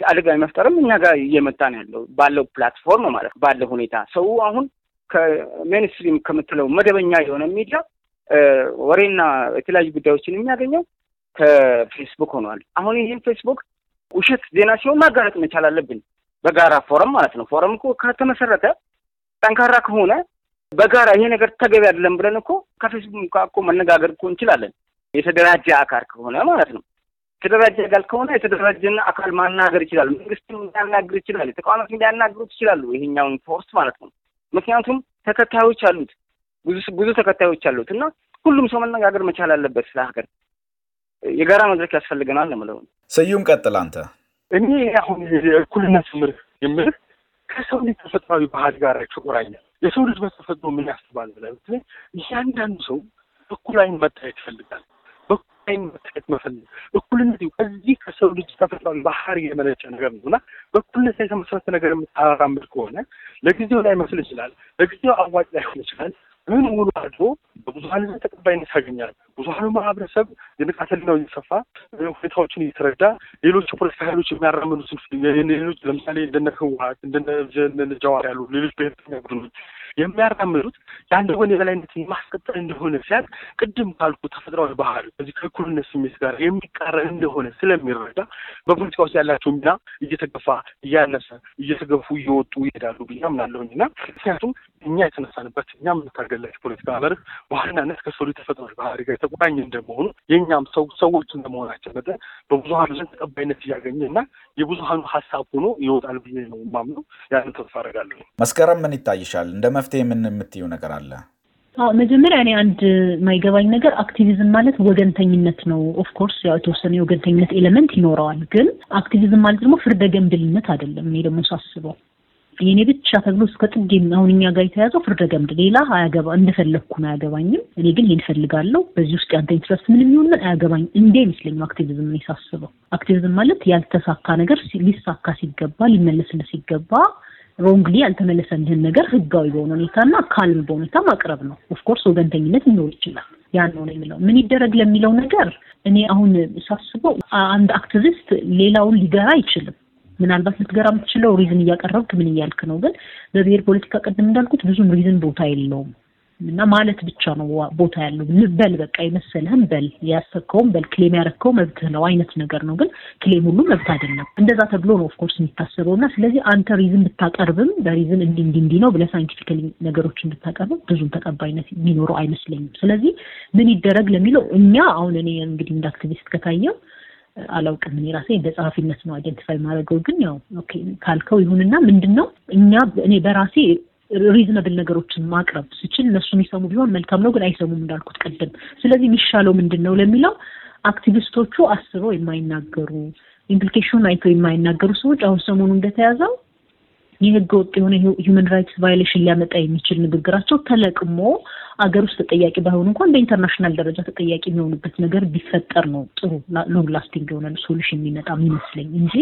አደጋ የመፍጠርም እኛ ጋር እየመጣ ነው ያለው ባለው ፕላትፎርም ማለት ባለው ሁኔታ ሰው አሁን ከሜንስትሪም ከምትለው መደበኛ የሆነ ሚዲያ ወሬና የተለያዩ ጉዳዮችን የሚያገኘው ከፌስቡክ ሆኗል። አሁን ይህም ፌስቡክ ውሸት ዜና ሲሆን ማጋለጥ መቻል አለብን። በጋራ ፎረም ማለት ነው። ፎረም እኮ ከተመሰረተ ጠንካራ ከሆነ በጋራ ይሄ ነገር ተገቢ አይደለም ብለን እኮ ከፌስቡክ እኮ መነጋገር እኮ እንችላለን። የተደራጀ አካል ከሆነ ማለት ነው። የተደራጀ አካል ከሆነ የተደራጀን አካል ማናገር ይችላል። መንግስትም ሊያናግር ይችላል። ተቋማት ሊያናግሩት ይችላሉ። ይሄኛውን ፎርስ ማለት ነው። ምክንያቱም ተከታዮች አሉት፣ ብዙ ተከታዮች አሉት እና ሁሉም ሰው መነጋገር መቻል አለበት። ስለ ሀገር የጋራ መድረክ ያስፈልገናል ለምለው ስዩም ቀጥል አንተ። እኔ አሁን የእኩልነት ምርህ የምልህ ከሰው ልጅ ተፈጥሯዊ ባህል ጋር ይቆራኛል። የሰው ልጅ በተፈጥሮ ምን ያስባል ብለ እያንዳንዱ ሰው እኩል አይን መታየት ይፈልጋል። መመለከት መፈለግ እኩልነት ከዚህ ከሰው ልጅ ተፈጥሯዊ ባህሪ የመለጨ ነገር ነው እና በእኩልነት ላይ የተመሰረተ ነገር የምታራምድ ከሆነ ለጊዜው ላይ መስል ይችላል፣ ለጊዜው አዋጭ ላይ ሆን ይችላል። ምን ውሎ አድሮ በብዙሀን ላይ ተቀባይነት ያገኛል። ብዙሀኑ ማህበረሰብ የንቃተ ህሊናው እየሰፋ ሁኔታዎችን እየተረዳ ሌሎች ፖለቲካ ኃይሎች የሚያራምዱትን ሌሎች ለምሳሌ እንደነ ህወሀት እንደነ ጀዋር ያሉ ሌሎች ብሄርተኛ ቡድኖች የሚያራምዱት የአንድ የአንደውን የበላይነት የማስቀጠል እንደሆነ ሲያቅ ቅድም ካልኩ ተፈጥሯዊ ባህል ከዚህ ከእኩልነት ስሜት ጋር የሚቃረን እንደሆነ ስለሚረዳ በፖለቲካ ውስጥ ያላቸው ሚና እየተገፋ እያነሰ እየተገፉ እየወጡ ይሄዳሉ ብዬ አምናለሁኝ እና ምክንያቱም እኛ የተነሳንበት እኛ የምንታገላቸው ፖለቲካ መርህ በዋናነት ከሰው ልጅ ተፈጥሯዊ ባህሪ ጋር የተቆራኘ እንደመሆኑ የእኛም ሰው ሰዎች እንደመሆናቸው መጠን በብዙሀኑ ዘንድ ተቀባይነት እያገኘ እና የብዙሀኑ ሀሳብ ሆኖ ይወጣል ብዬ ነው የማምነው። ያንን ተስፋ አደርጋለሁ። መስከረም ምን ይታይሻል? እንደ መፍትሄ ምን የምትዩ ነገር አለ? አዎ መጀመሪያ እኔ አንድ የማይገባኝ ነገር አክቲቪዝም ማለት ወገንተኝነት ነው። ኦፍኮርስ ያው የተወሰነ የወገንተኝነት ኤሌመንት ይኖረዋል። ግን አክቲቪዝም ማለት ደግሞ ፍርደ ገምድልነት አይደለም። እኔ ደግሞ ሳስበው የኔ ብቻ ተብሎ እስከ ጥግ አሁን እኛ ጋር የተያዘው ፍርደ ገምድ ሌላ አያገባ እንደፈለግኩ ነው አያገባኝም። እኔ ግን ይህን ፈልጋለሁ። በዚህ ውስጥ ያንተ ኢንትረስት ምንም ይሁን ምን አያገባኝ እንዴ አይመስለኝም። አክቲቪዝም ነው የሳስበው። አክቲቪዝም ማለት ያልተሳካ ነገር ሊሳካ ሲገባ ሊመለስልህ ሲገባ ሮንግሊ ያልተመለሰልህን ነገር ህጋዊ በሆነ ሁኔታና ካልም በሁኔታ ማቅረብ ነው። ኦፍኮርስ ወገንተኝነት ሊኖር ይችላል። ያን ነው የሚለው። ምን ይደረግ ለሚለው ነገር እኔ አሁን ሳስበው አንድ አክቲቪስት ሌላውን ሊገራ አይችልም። ምናልባት ልትገራ የምትችለው ሪዝን እያቀረብክ ምን እያልክ ነው። ግን በብሔር ፖለቲካ ቅድም እንዳልኩት ብዙም ሪዝን ቦታ የለውም። እና ማለት ብቻ ነው ቦታ ያለው በል በቃ የመሰለህም በል ያሰብከውም በል ክሌም ያረግከው መብትህ ነው አይነት ነገር ነው። ግን ክሌም ሁሉ መብት አይደለም። እንደዛ ተብሎ ነው ኦፍኮርስ የሚታሰበው እና ስለዚህ አንተ ሪዝን ብታቀርብም በሪዝን እንዲ እንዲ እንዲ ነው ብለህ ሳይንቲፊካሊ ነገሮችን ብታቀርብም ብዙም ተቀባይነት የሚኖረው አይመስለኝም። ስለዚህ ምን ይደረግ ለሚለው እኛ አሁን እኔ እንግዲህ እንደ አክቲቪስት ከታየው አላውቅም እኔ ራሴ እንደ ጸሐፊነት ነው አይደንቲፋይ ማድረገው። ግን ያው ኦኬ ካልከው ይሁንና ምንድን ነው እኛ እኔ በራሴ ሪዝነብል ነገሮችን ማቅረብ ስችል እነሱ የሚሰሙ ቢሆን መልካም ነው፣ ግን አይሰሙም እንዳልኩት ቀደም። ስለዚህ የሚሻለው ምንድን ነው ለሚለው አክቲቪስቶቹ አስበው የማይናገሩ ኢምፕሊኬሽኑን አይተው የማይናገሩ ሰዎች አሁን ሰሞኑ እንደተያዘው የህገ ወጥ የሆነ ሂውመን ራይትስ ቫዮሌሽን ሊያመጣ የሚችል ንግግራቸው ተለቅሞ አገር ውስጥ ተጠያቂ ባይሆኑ እንኳን በኢንተርናሽናል ደረጃ ተጠያቂ የሚሆኑበት ነገር ቢፈጠር ነው ጥሩ ሎንግ ላስቲንግ የሆነ ሶሉሽን የሚመጣ ይመስለኝ እንጂ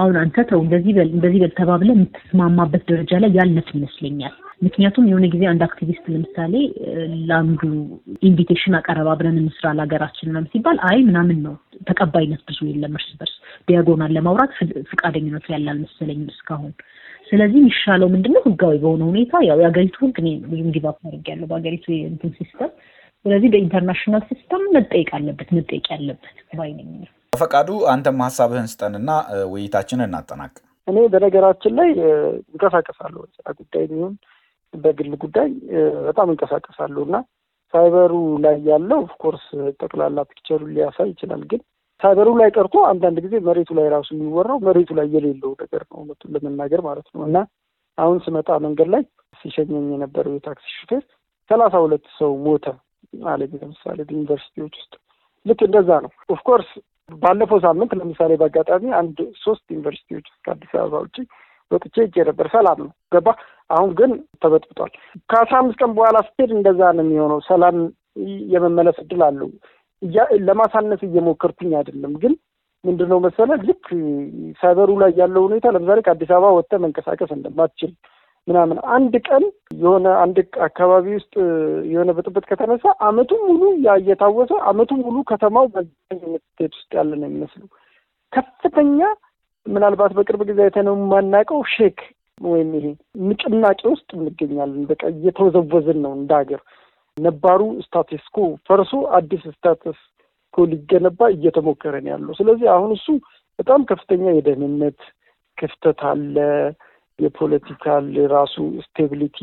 አሁን አንተ ተው እንደዚህ በል እንደዚህ በል ተባብለ የምትስማማበት ደረጃ ላይ ያለፍ ይመስለኛል። ምክንያቱም የሆነ ጊዜ አንድ አክቲቪስት ለምሳሌ ለአንዱ ኢንቪቴሽን አቀረባ ብለን እንስራ ለሀገራችን ነው ሲባል አይ ምናምን ነው ተቀባይነት ብዙ የለም እርስ በርስ ዲያጎናል ለማውራት ፍቃደኝነቱ ያላል መሰለኝም እስካሁን ስለዚህ የሚሻለው ምንድነው ህጋዊ በሆነ ሁኔታ ያው የሀገሪቱ ህግ ብዙም ዲቫፕ ማድረግ ያለው በሀገሪቱ የእንትን ሲስተም ስለዚህ በኢንተርናሽናል ሲስተም መጠየቅ አለበት መጠየቅ ያለበት ባይ ነኝ። በፈቃዱ አንተም ሀሳብህን ስጠንና ውይይታችንን እናጠናቅ። እኔ በነገራችን ላይ እንቀሳቀሳለሁ፣ ስራ ጉዳይ ቢሆን በግል ጉዳይ በጣም እንቀሳቀሳለሁ እና ሳይበሩ ላይ ያለው ኦፍኮርስ ጠቅላላ ፒክቸሩን ሊያሳይ ይችላል ግን ሳይበሩ ላይ ቀርቶ አንዳንድ ጊዜ መሬቱ ላይ ራሱ የሚወራው መሬቱ ላይ የሌለው ነገር ነው፣ እውነቱን ለመናገር ማለት ነው። እና አሁን ስመጣ መንገድ ላይ ሲሸኘኝ የነበረው የታክሲ ሹፌር ሰላሳ ሁለት ሰው ሞተ አለኝ። ለምሳሌ ዩኒቨርሲቲዎች ውስጥ ልክ እንደዛ ነው። ኦፍኮርስ ባለፈው ሳምንት ለምሳሌ በአጋጣሚ አንድ ሶስት ዩኒቨርሲቲዎች ውስጥ ከአዲስ አበባ ውጭ ወጥቼ ሄጄ ነበር። ሰላም ነው ገባ። አሁን ግን ተበጥብጧል። ከአስራ አምስት ቀን በኋላ ስትሄድ እንደዛ ነው የሚሆነው። ሰላም የመመለስ እድል አለው። ለማሳነስ እየሞከርኩኝ አይደለም፣ ግን ምንድን ነው መሰለህ ልክ ሳይበሩ ላይ ያለው ሁኔታ ለምሳሌ ከአዲስ አበባ ወጥተ መንቀሳቀስ እንደማትችል ምናምን አንድ ቀን የሆነ አንድ አካባቢ ውስጥ የሆነ ብጥብጥ ከተነሳ አመቱ ሙሉ ያ እየታወሰ አመቱ ሙሉ ከተማው በዚህ ውስጥ ያለ ነው የሚመስለው። ከፍተኛ ምናልባት በቅርብ ጊዜ የተነው የማናውቀው ሼክ ወይም ይሄ ንቅናቄ ውስጥ እንገኛለን። በቃ እየተወዘወዝን ነው እንደ ሀገር። ነባሩ ኮ ፈርሶ አዲስ ኮ ሊገነባ እየተሞከረ ነው ያለው። ስለዚህ አሁን እሱ በጣም ከፍተኛ የደህንነት ክፍተት አለ። የፖለቲካል ራሱ ስቴቢሊቲ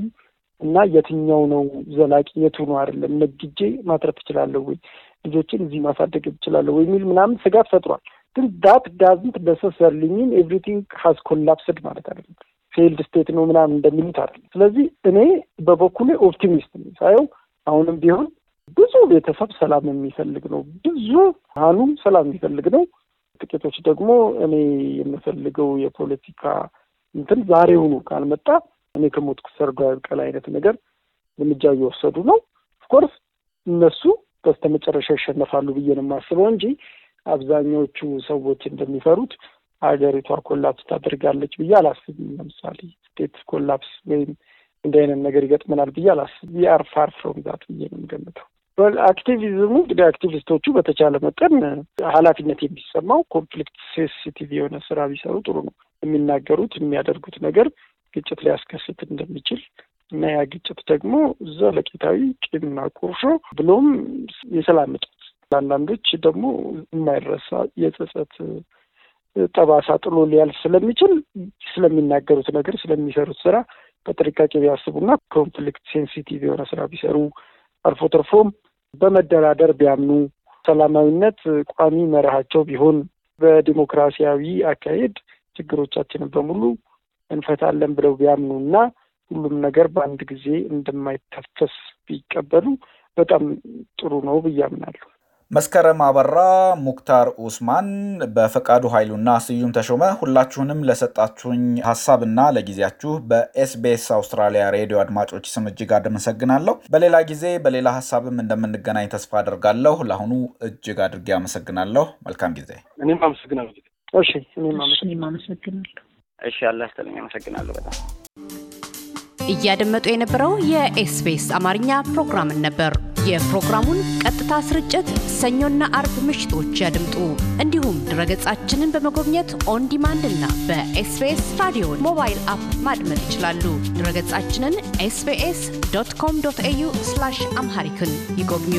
እና የትኛው ነው ዘላቂ የቱ ነው አይደለም፣ ነግጄ ማትረፍ እችላለሁ ወይ ልጆችን እዚህ ማሳደግ እችላለሁ ወይ የሚል ምናምን ስጋት ፈጥሯል። ግን ዳት ዳዝንት ደሰሰርሊ ኤቭሪቲንግ ሀዝ ኮላፕስድ ማለት አይደለም። ፌልድ ስቴት ነው ምናምን እንደሚሉት አይደለም። ስለዚህ እኔ በበኩሌ ኦፕቲሚስት ሳየው አሁንም ቢሆን ብዙ ቤተሰብ ሰላም የሚፈልግ ነው። ብዙ ሀኑም ሰላም የሚፈልግ ነው። ጥቂቶች ደግሞ እኔ የምፈልገው የፖለቲካ እንትን ዛሬውኑ ካልመጣ እኔ ከሞትኩ ሰርዶ ያብቀል አይነት ነገር እርምጃ እየወሰዱ ነው። ኦፍኮርስ እነሱ በስተ መጨረሻ ይሸነፋሉ ብዬ ነው የማስበው እንጂ አብዛኛዎቹ ሰዎች እንደሚፈሩት ሀገሪቷ ኮላፕስ ታደርጋለች ብዬ አላስብም። ለምሳሌ ስቴት ኮላፕስ ወይም እንደ አይነት ነገር ይገጥመናል ብዬ አላስብ ዊአር ፋር ፍሮም ዛት ብዬ ነው የምገምተው። አክቲቪዝሙ እንግዲህ አክቲቪስቶቹ በተቻለ መጠን ኃላፊነት የሚሰማው ኮንፍሊክት ሴንሲቲቭ የሆነ ስራ ቢሰሩ ጥሩ ነው። የሚናገሩት የሚያደርጉት ነገር ግጭት ሊያስከስት እንደሚችል እና ያ ግጭት ደግሞ ዘለቄታዊ ቂምና ቁርሾ ብሎም የሰላም እጦት ለአንዳንዶች ደግሞ የማይረሳ የጸጸት ጠባሳ ጥሎ ሊያልፍ ስለሚችል ስለሚናገሩት ነገር ስለሚሰሩት ስራ በጥንቃቄ ቢያስቡና ኮንፍሊክት ሴንሲቲቭ የሆነ ስራ ቢሰሩ አልፎ ተርፎም በመደራደር ቢያምኑ ሰላማዊነት ቋሚ መርሃቸው ቢሆን በዲሞክራሲያዊ አካሄድ ችግሮቻችንን በሙሉ እንፈታለን ብለው ቢያምኑ እና ሁሉም ነገር በአንድ ጊዜ እንደማይተፈስ ቢቀበሉ በጣም ጥሩ ነው ብዬ አምናለሁ። መስከረም አበራ፣ ሙክታር ኡስማን፣ በፈቃዱ ኃይሉና ስዩም ተሾመ ሁላችሁንም ለሰጣችሁኝ ሀሳብና ለጊዜያችሁ በኤስቢኤስ አውስትራሊያ ሬዲዮ አድማጮች ስም እጅግ አመሰግናለሁ። በሌላ ጊዜ በሌላ ሀሳብም እንደምንገናኝ ተስፋ አድርጋለሁ። ለአሁኑ እጅግ አድርጌ አመሰግናለሁ። መልካም ጊዜ። እኔም አመሰግናለሁ። እሺ፣ አመሰግናለሁ። አላህ ይስጥልኝ። አመሰግናለሁ በጣም እያደመጡ የነበረው የኤስቢኤስ አማርኛ ፕሮግራምን ነበር። የፕሮግራሙን ቀጥታ ስርጭት ሰኞና አርብ ምሽቶች ያድምጡ። እንዲሁም ድረገጻችንን በመጎብኘት ኦን ዲማንድ እና በኤስቢኤስ ራዲዮ ሞባይል አፕ ማድመጥ ይችላሉ። ድረገጻችንን ኤስቢኤስ ዶት ኮም ዶት ኤዩ አምሃሪክን ይጎብኙ።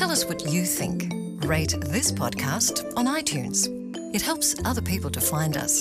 Tell us what you think. Rate this podcast on iTunes. It helps other people to find us.